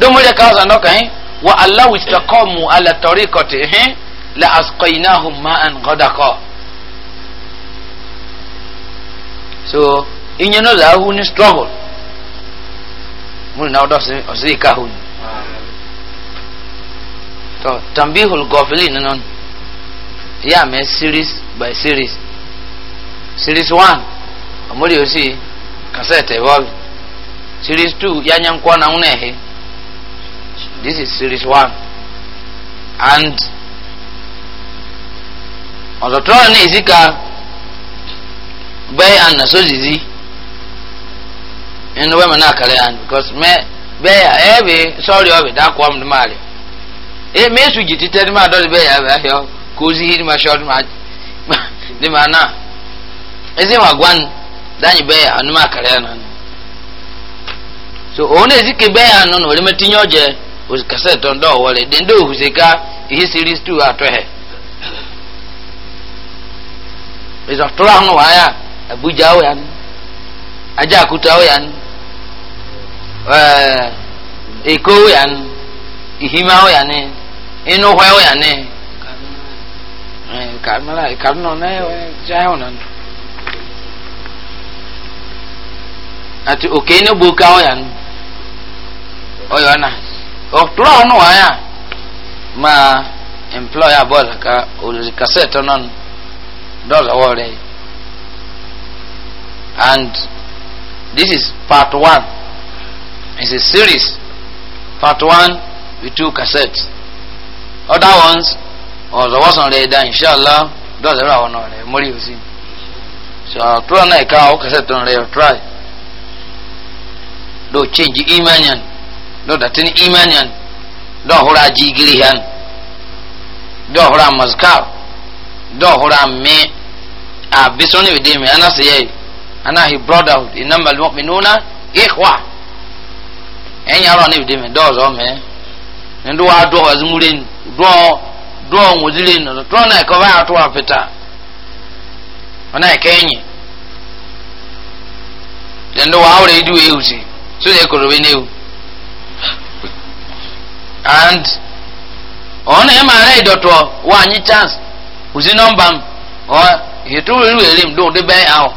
don muri ka sa noka eh wa allahu istaqamu ala tariqati eh la asqaynahum ma'an ghadaqa so inyo no la hu ni struggle muri na odo se ka hu to tambihul ghafilin non ya mee series by series series one omuli osi kasete ebobi series two yanya nkwo na nwunehe this is series one and ọtọtọrọ na-ezi ka bẹẹ na sozizi nínú wẹ́ẹ̀mọ̀ náà kàlẹ́ yàn because mẹ bẹ́ẹ̀ yà ẹ́ bi sọ́ọ́rì ọ̀bì dákọ̀ ọ̀mùdùmáàlì ẹ̀ mẹ́sùn jì títẹ́ ní máa dọ́ọ̀lì bẹ́ẹ̀ yà ahịa yọ. kuzi hiri ma short ma di ma na ezi wa gwan danyi be ya anu ma kare na so ona ezi ke be ya no no le metinyo je o kase ton do wole den do huseka hi series 2 ato he ezo tora hono wa ya abuja eh, o ya ni aja akuta o ya ni eh eko o ya ni ihima o ya ni inu hwe o ya ni Carmela, eh, oh, oh, oh, no ne ya honan ati oke ne bo ka o yan o yo na o tura no wa ya ma employer bol ka o le cassette non dollar wore and this is part one. it's a series part one, we two cassettes other ones ọ̀zọ̀wọ́sàn rẹ̀ dá inṣàlá dọ́ọ̀lẹ́rọ àwọn ọ̀nà rẹ̀ mórí òsì ṣàtúrà náà ẹ̀ka ọkẹsẹ̀ tó ń rẹ̀ ọ̀túráì dọ́ change imanian dọ́ dàtín imanian dọ́ ọ̀húra jí gíríhan dọ́ ọ̀húra moscow dọ́ ọ̀húra mi àbísọ́nì òde mi anásìyẹ anáhi brotherhood ìnámàlú mìnúnà ìhwà ẹ̀yìn arọ́ ní òde mi dọ́ ọ̀zọ́ mi ní dọ́ wàá dọ́ ọ̀zọ́múrẹ́ni dọ́ ọ̀ do ɔmo dili no do na ɛkɔ baa ato apita ɔna ɛka enyi den do wawura yi di wo ewu si so de ekoro bi n'ewu and ɔna ɛma ara idɔtɔ wo anyi chance ozi nɔmba m ɔ yetu wuru elim do de bɛn awo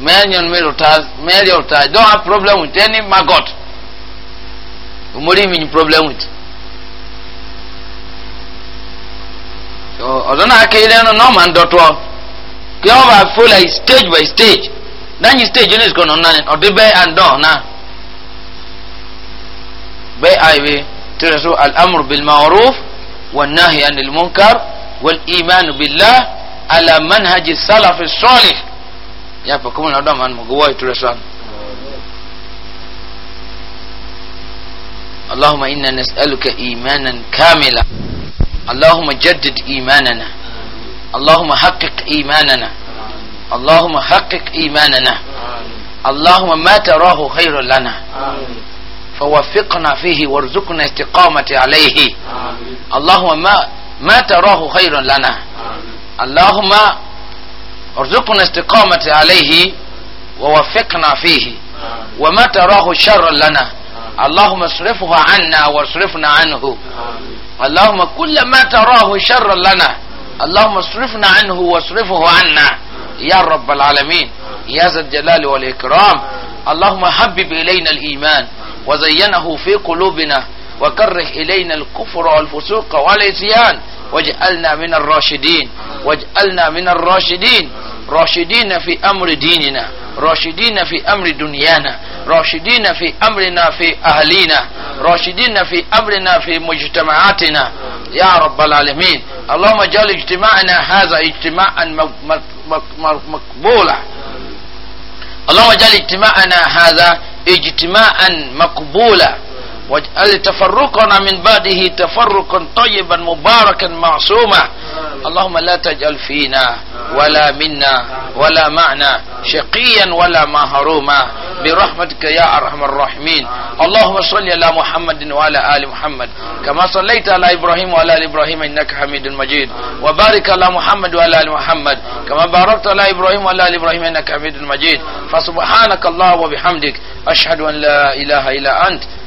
mɛnyɔn mi rota mɛnyɔn rota don have problem with any maggot omori mi ni problem with. ọ̀dọ́ náà kéde ẹnu náà máa ń dọ́tọ́ kí wọ́n bá fó like stage by stage lẹ́yìn stage ní ìsìkò náà ọ̀dẹ́ bẹ́ẹ̀ àndọ̀ náà bẹ́ẹ̀ àìwé tẹ̀rẹ̀ sọ al'amur bil ma'ruf wa nahi anil munkar wal iman billah ala manhaji salafi sọ́ọ̀lì yà pẹ̀ kọ́mọ̀nà ọ̀dọ́ máa ń mọ̀gọ́ wọ́ اللهم إنا نسألك إيمانا كاملا اللهم جدد إيماننا اللهم حقق إيماننا اللهم حقق إيماننا اللهم ما تراه خير لنا فوفقنا فيه وارزقنا استقامة عليه اللهم ما ما تراه خير لنا اللهم ارزقنا استقامة عليه ووفقنا فيه وما تراه شرا لنا اللهم اصرفه عنا واصرفنا عنه اللهم كل ما تراه شرا لنا اللهم اصرفنا عنه واصرفه عنا يا رب العالمين يا ذا الجلال والإكرام اللهم حبب إلينا الإيمان وزينه في قلوبنا وكره إلينا الكفر والفسوق والعصيان واجعلنا من الراشدين واجعلنا من الراشدين راشدين في أمر ديننا راشدين في أمر دنيانا راشدين في أمرنا في أهلنا راشدين في أمرنا في مجتمعاتنا يا رب العالمين اللهم اجعل اجتماعنا هذا اجتماعا مقبولا اللهم اجعل اجتماعنا هذا اجتماعا مقبولا واجعل تفرقنا من بعده تفرقا طيبا مباركا معصوما اللهم لا تجعل فينا ولا منا ولا معنا شقيا ولا محروما برحمتك يا ارحم الراحمين اللهم صل على محمد وعلى ال محمد كما صليت على ابراهيم وعلى ال ابراهيم انك حميد مجيد وبارك على محمد وعلى ال محمد كما باركت على ابراهيم وعلى ال ابراهيم انك حميد مجيد فسبحانك اللهم وبحمدك اشهد ان لا اله الا انت